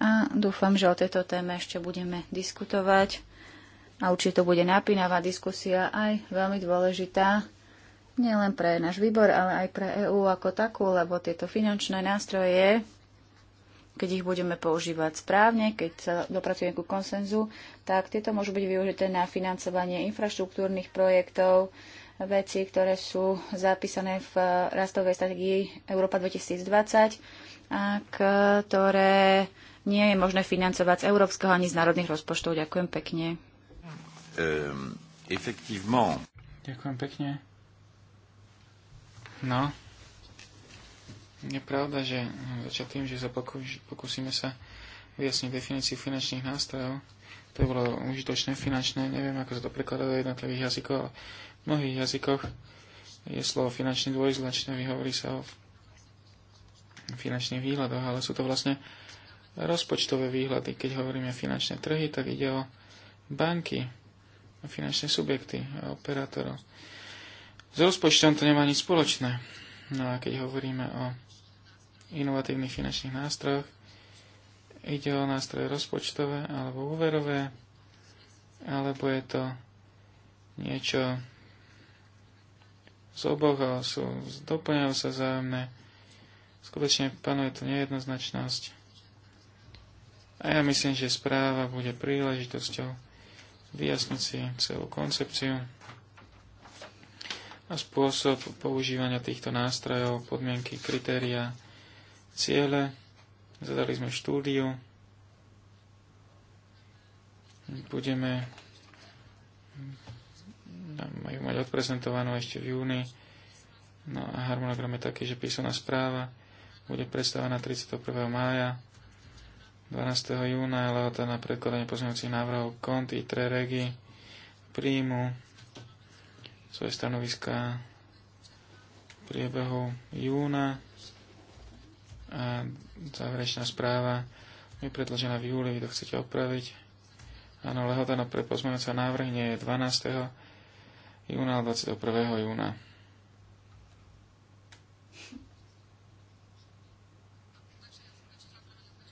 a dúfam, že o tejto téme ešte budeme diskutovať a určite to bude napínavá diskusia aj veľmi dôležitá nielen pre náš výbor, ale aj pre EÚ ako takú, lebo tieto finančné nástroje, keď ich budeme používať správne, keď sa dopracujeme ku konsenzu, tak tieto môžu byť využité na financovanie infraštruktúrnych projektov, veci, ktoré sú zapísané v rastovej strategii Európa 2020 a ktoré nie je možné financovať z európskeho ani z národných rozpočtov. Ďakujem pekne. Um, Ďakujem pekne. No. Je pravda, že začal tým, že sa pokúsime sa vyjasniť definíciu finančných nástrojov. To je bolo užitočné finančné, neviem, ako sa to prekladá do jednotlivých jazykov. V mnohých jazykoch je slovo finančný dvojznačné, vyhovorí sa o finančných výhľadoch, ale sú to vlastne rozpočtové výhľady. Keď hovoríme finančné trhy, tak ide o banky, o finančné subjekty, a operátorov. S rozpočtom to nemá nič spoločné. No a keď hovoríme o inovatívnych finančných nástrojoch, ide o nástroje rozpočtové alebo úverové, alebo je to niečo z oboch, sú, doplňajú sa vzájomné. Skutočne panuje tu nejednoznačnosť. A ja myslím, že správa bude príležitosťou vyjasniť si celú koncepciu a spôsob používania týchto nástrojov, podmienky, kritéria, ciele. Zadali sme štúdiu. Budeme majú mať odprezentovanú ešte v júni. No a harmonogram je taký, že písaná správa bude predstavená 31. mája 12. júna je lehota na predkladanie pozmeňujúcich návrhov konty, tre regi, príjmu svoje stanoviská v priebehu júna a záverečná správa je predložená v júli, vy to chcete opraviť. Áno, lehota na pozmeňujúce návrh nie je 12. júna, ale 21. júna.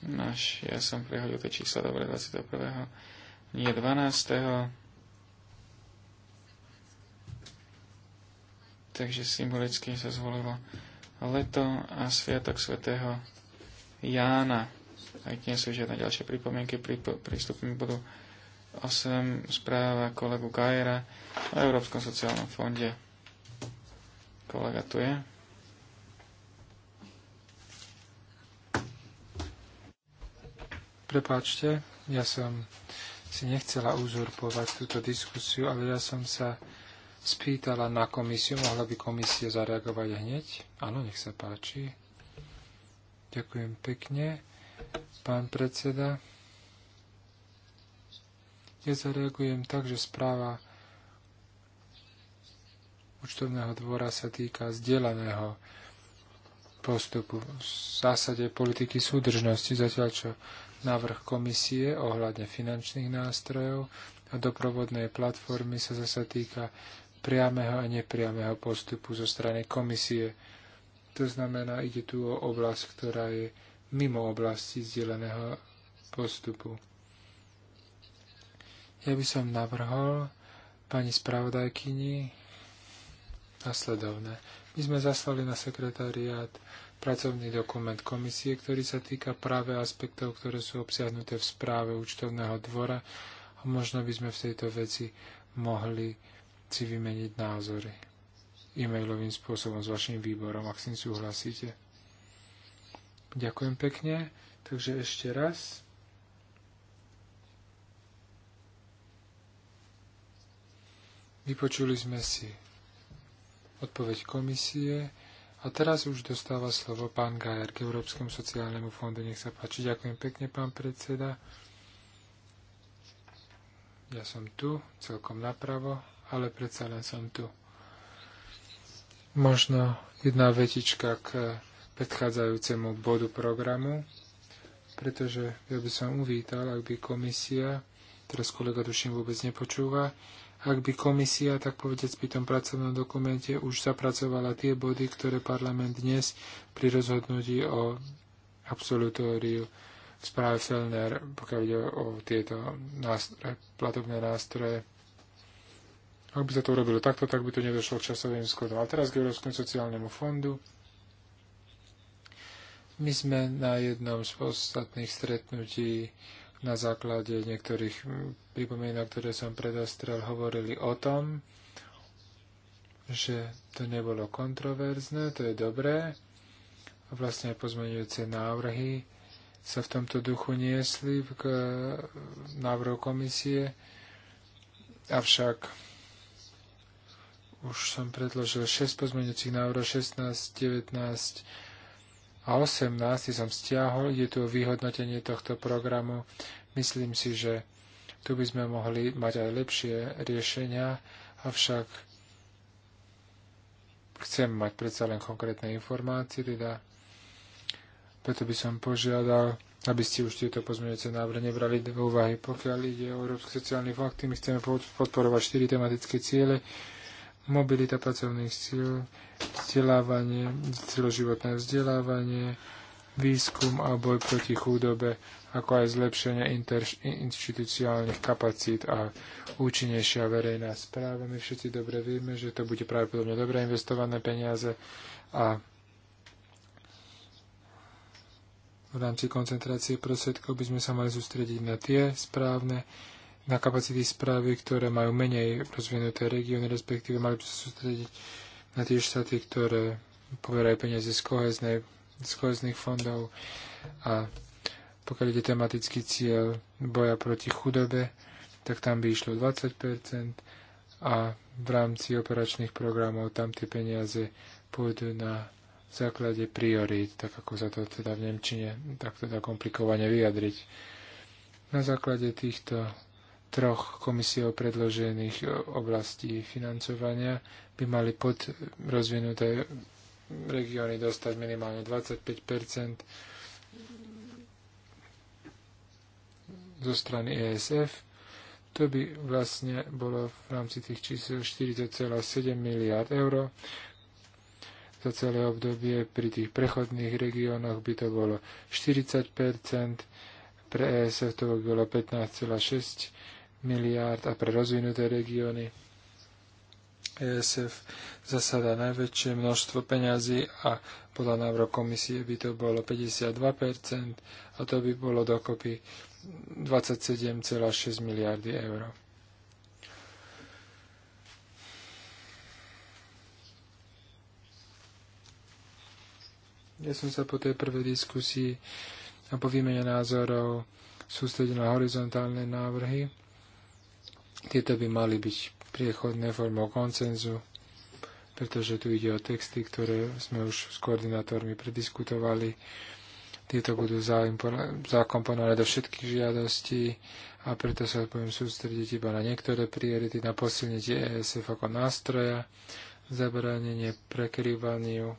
Naš, ja som prehodil tie čísla, dobre, 21. Nie 12. Takže symbolicky sa zvolilo leto a sviatok svätého Jána. Aj dnes sú žiadne ďalšie pripomienky, prístupmi budú 8 správa kolegu Gajera o Európskom sociálnom fonde. Kolega tu je. Prepáčte, ja som si nechcela uzurpovať túto diskusiu, ale ja som sa spýtala na komisiu. Mohla by komisia zareagovať hneď? Áno, nech sa páči. Ďakujem pekne. Pán predseda, ja zareagujem tak, že správa účtovného dvora sa týka zdieľaného postupu v zásade politiky súdržnosti, zatiaľ čo Návrh komisie ohľadne finančných nástrojov a doprovodnej platformy sa zase týka priameho a nepriameho postupu zo strany komisie. To znamená, ide tu o oblasť, ktorá je mimo oblasti zdieľaného postupu. Ja by som navrhol pani spravodajkyni nasledovné. My sme zaslali na sekretariát pracovný dokument komisie, ktorý sa týka práve aspektov, ktoré sú obsiahnuté v správe účtovného dvora a možno by sme v tejto veci mohli si vymeniť názory e-mailovým spôsobom s vašim výborom, ak s tým súhlasíte. Ďakujem pekne. Takže ešte raz. Vypočuli sme si odpoveď komisie a teraz už dostáva slovo pán Gajer k Európskemu sociálnemu fondu. Nech sa páči. Ďakujem pekne, pán predseda. Ja som tu, celkom napravo, ale predsa len som tu. Možno jedna vetička k predchádzajúcemu bodu programu, pretože ja by som uvítal, ak by komisia, teraz kolega duším vôbec nepočúva, ak by komisia, tak povedať, pri tom pracovnom dokumente už zapracovala tie body, ktoré parlament dnes pri rozhodnutí o absolutóriu v správe Felner, pokiaľ ide o tieto nástroje, platobné nástroje. Ak by sa to urobilo takto, tak by to nedošlo k časovým skladom. A teraz k Európskom sociálnemu fondu. My sme na jednom z ostatných stretnutí na základe niektorých pripomienok, ktoré som predostrel, hovorili o tom, že to nebolo kontroverzné, to je dobré. A vlastne aj pozmeňujúce návrhy sa v tomto duchu niesli k návrhu komisie. Avšak už som predložil 6 pozmeňujúcich návrhov, 16, 19, a 18 som stiahol, je tu vyhodnotenie tohto programu. Myslím si, že tu by sme mohli mať aj lepšie riešenia, avšak chcem mať predsa len konkrétne informácie, teda preto by som požiadal, aby ste už tieto pozmeňujúce návrhy nebrali do úvahy. Pokiaľ ide o Európsky sociálny fakt, my chceme podporovať štyri tematické ciele. Mobilita pracovných síl, vzdelávanie, celoživotné vzdelávanie, výskum a boj proti chudobe, ako aj zlepšenie inštitucionálnych kapacít a účinnejšia verejná správa. My všetci dobre vieme, že to bude pravdepodobne dobre investované peniaze a v rámci koncentrácie prosvedkov by sme sa mali sústrediť na tie správne, na kapacity správy, ktoré majú menej rozvinuté regióny, respektíve mali by sa sústrediť na tie štáty, ktoré poberajú peniaze z koheznej z kohezných fondov a pokiaľ ide tematický cieľ boja proti chudobe, tak tam by išlo 20% a v rámci operačných programov tam tie peniaze pôjdu na základe priorít, tak ako sa to teda v Nemčine tak teda komplikovane vyjadriť. Na základe týchto troch komisiou predložených oblastí financovania by mali podrozvinuté regióny dostať minimálne 25 zo strany ESF. To by vlastne bolo v rámci tých čísel 40,7 miliard eur. Za celé obdobie pri tých prechodných regiónoch by to bolo 40 pre ESF to by bolo 15,6 miliárd a pre rozvinuté regióny ESF zasada najväčšie množstvo peňazí a podľa návrhu komisie by to bolo 52% a to by bolo dokopy 27,6 miliardy eur. Ja som sa po tej prvej diskusii a po výmene názorov sústredil na horizontálne návrhy. Tieto by mali byť priechodné formou koncenzu, pretože tu ide o texty, ktoré sme už s koordinátormi prediskutovali. Tieto budú zakomponované do všetkých žiadostí a preto sa budem sústrediť iba na niektoré priority, na posilnenie ESF ako nástroja, zabránenie prekrývaniu,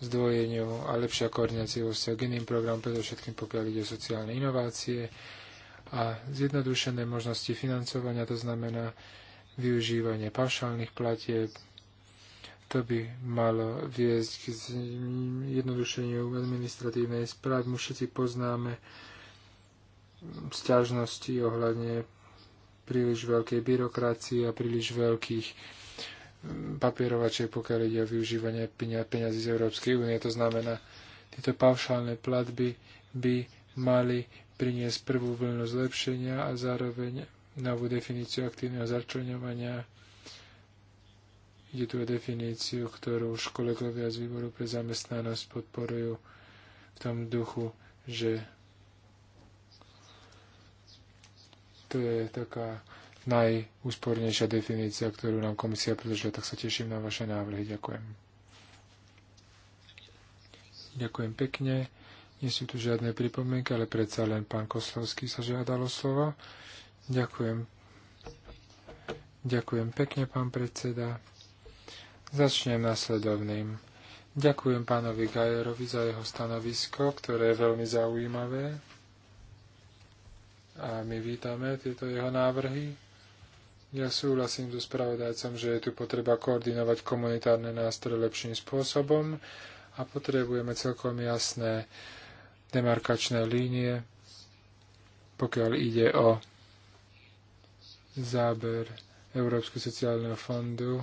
zdvojeniu a lepšia koordinácia vo k iným programom, predovšetkým pokiaľ ide o sociálne inovácie a zjednodušené možnosti financovania, to znamená, využívanie paušálnych platieb. To by malo viesť k jednodušeniu administratívnej správy. My všetci poznáme sťažnosti ohľadne príliš veľkej byrokracie a príliš veľkých mm, papierovačej, pokiaľ ide o využívanie peňazí z Európskej únie. To znamená, tieto paušálne platby by mali priniesť prvú vlnu zlepšenia a zároveň novú definíciu aktívneho začlenovania. Ide tu o definíciu, ktorú už kolegovia z výboru pre zamestnanosť podporujú v tom duchu, že to je taká najúspornejšia definícia, ktorú nám komisia predložila, tak sa teším na vaše návrhy. Ďakujem. Ďakujem pekne. Nie sú tu žiadne pripomienky, ale predsa len pán Koslovský sa žiadalo slovo. Ďakujem. Ďakujem pekne, pán predseda. Začnem nasledovným. Ďakujem pánovi Gajerovi za jeho stanovisko, ktoré je veľmi zaujímavé. A my vítame tieto jeho návrhy. Ja súhlasím so spravodajcom, že je tu potreba koordinovať komunitárne nástroje lepším spôsobom a potrebujeme celkom jasné demarkačné línie, pokiaľ ide o záber Európskeho sociálneho fondu,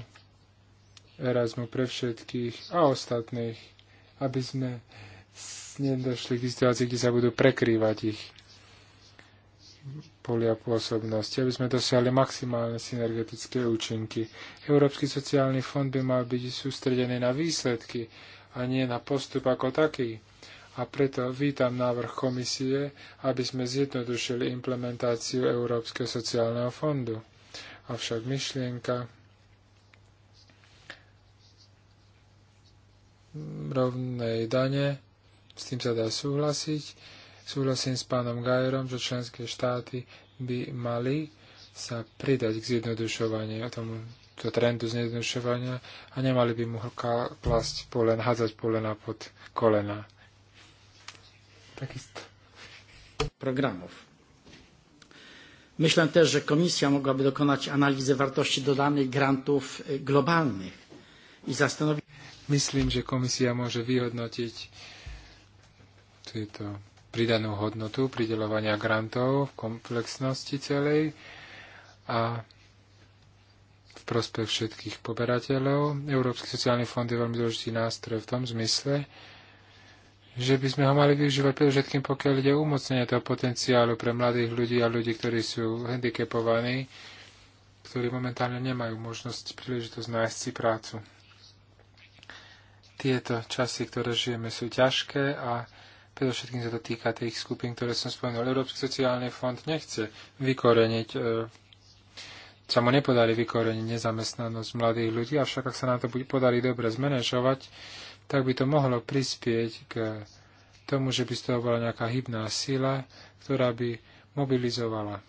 Erasmu pre všetkých a ostatných, aby sme nedošli k situácii, kde sa budú prekrývať ich polia pôsobnosti, aby sme dosiahli maximálne synergetické účinky. Európsky sociálny fond by mal byť sústredený na výsledky a nie na postup ako taký a preto vítam návrh komisie, aby sme zjednodušili implementáciu Európskeho sociálneho fondu. Avšak myšlienka rovnej dane, s tým sa dá súhlasiť. Súhlasím s pánom Gajerom, že členské štáty by mali sa pridať k zjednodušovaniu tomu to trendu zjednodušovania a nemali by mu klásť polen, hádzať polena pod kolena takisto. Programów. Myślę też, że Komisja mogłaby dokonać analizy wartości dodanej grantów globalnych i zastanowić. Myślę, że komisja może vyhodnotiť túto pridanú hodnotu pridelovania grantov v komplexnosti celej a v prospech všetkých poberateľov. Európsky sociálny fond je veľmi dôležitý nástroj v tom zmysle, že by sme ho mali využívať predovšetkým, pokiaľ ide o umocnenie toho potenciálu pre mladých ľudí a ľudí, ktorí sú handicapovaní, ktorí momentálne nemajú možnosť, príležitosť nájsť si prácu. Tieto časy, ktoré žijeme, sú ťažké a predovšetkým sa to týka tých skupín, ktoré som spomenul. Európsky sociálny fond nechce vykoreniť e, sa mu nepodarí vykoreniť nezamestnanosť mladých ľudí, avšak ak sa nám to podarí dobre zmanéžovať, tak by to mohlo prispieť k tomu, že by z toho bola nejaká hybná sila, ktorá by mobilizovala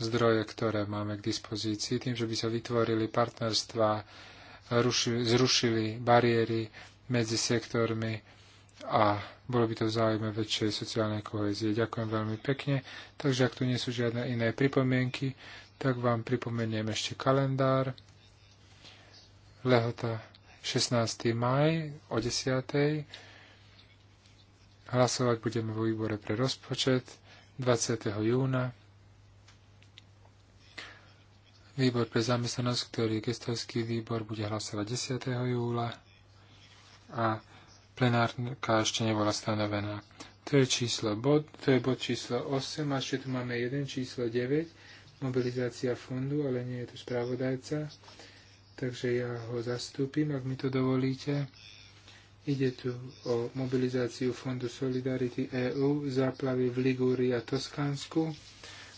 zdroje, ktoré máme k dispozícii, tým, že by sa vytvorili partnerstva, ruši, zrušili bariéry medzi sektormi a bolo by to v záujme väčšej sociálnej kohezie. Ďakujem veľmi pekne. Takže ak tu nie sú žiadne iné pripomienky, tak vám pripomeniem ešte kalendár. Lehota 16. maj o 10. Hlasovať budeme vo výbore pre rozpočet 20. júna. Výbor pre zamestnanosť, ktorý je gestovský výbor, bude hlasovať 10. júla a plenárka ešte nebola stanovená. To je, číslo bod, to je bod číslo 8 a ešte tu máme jeden číslo 9, mobilizácia fondu, ale nie je tu spravodajca takže ja ho zastúpim, ak mi to dovolíte. Ide tu o mobilizáciu Fondu Solidarity EU, záplavy v Ligúrii a Toskánsku,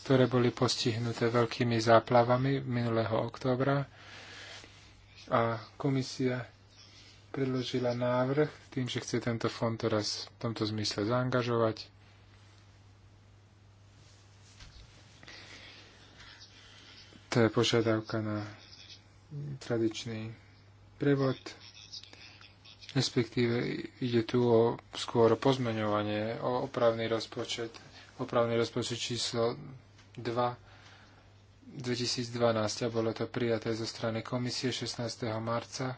ktoré boli postihnuté veľkými záplavami minulého októbra. A komisia predložila návrh tým, že chce tento fond teraz v tomto zmysle zaangažovať. To je požiadavka na tradičný prevod, respektíve ide tu o skôr o pozmeňovanie, o opravný rozpočet, opravný rozpočet číslo 2 2012 a bolo to prijaté zo strany komisie 16. marca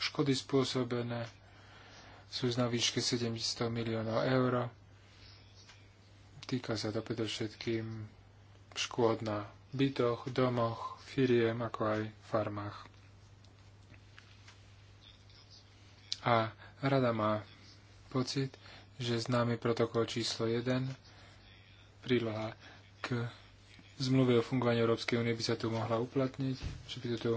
škody spôsobené sú na výške 700 miliónov eur. Týka sa to predovšetkým škôd na bytoch, domoch, firiem, ako aj farmách. A rada má pocit, že známy protokol číslo 1, príloha k zmluve o fungovaní Európskej únie by sa tu mohla uplatniť, že by to tu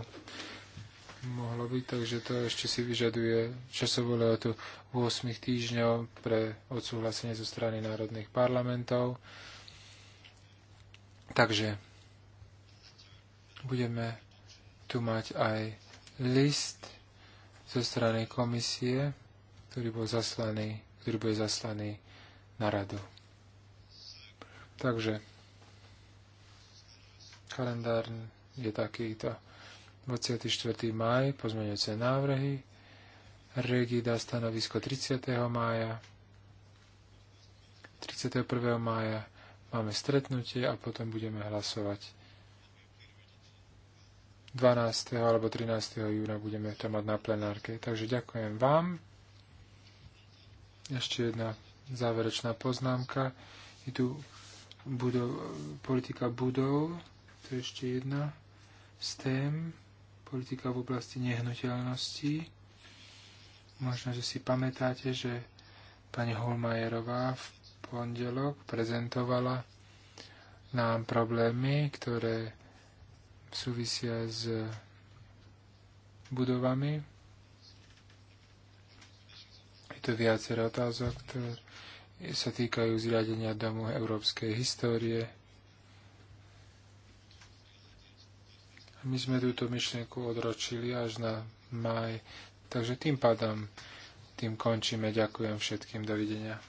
mohlo byť, takže to ešte si vyžaduje časovú lehotu 8 týždňov pre odsúhlasenie zo strany národných parlamentov. Takže budeme tu mať aj list zo strany komisie, ktorý bol zaslaný, ktorý bude zaslaný na radu. Takže kalendár je takýto. 24. maj, pozmeňujúce návrhy. Regi dá stanovisko 30. mája. 31. mája máme stretnutie a potom budeme hlasovať. 12. alebo 13. júna budeme to mať na plenárke. Takže ďakujem vám. Ešte jedna záverečná poznámka. Je tu budov, politika budov. To je ešte jedna s tém politika v oblasti nehnuteľnosti. Možno, že si pamätáte, že pani Holmajerová v pondelok prezentovala nám problémy, ktoré súvisia s budovami. Je to viacero otázok, ktoré sa týkajú zriadenia Domu európskej histórie, my sme túto myšlienku odročili až na maj. Takže tým pádom, tým končíme. Ďakujem všetkým. Dovidenia.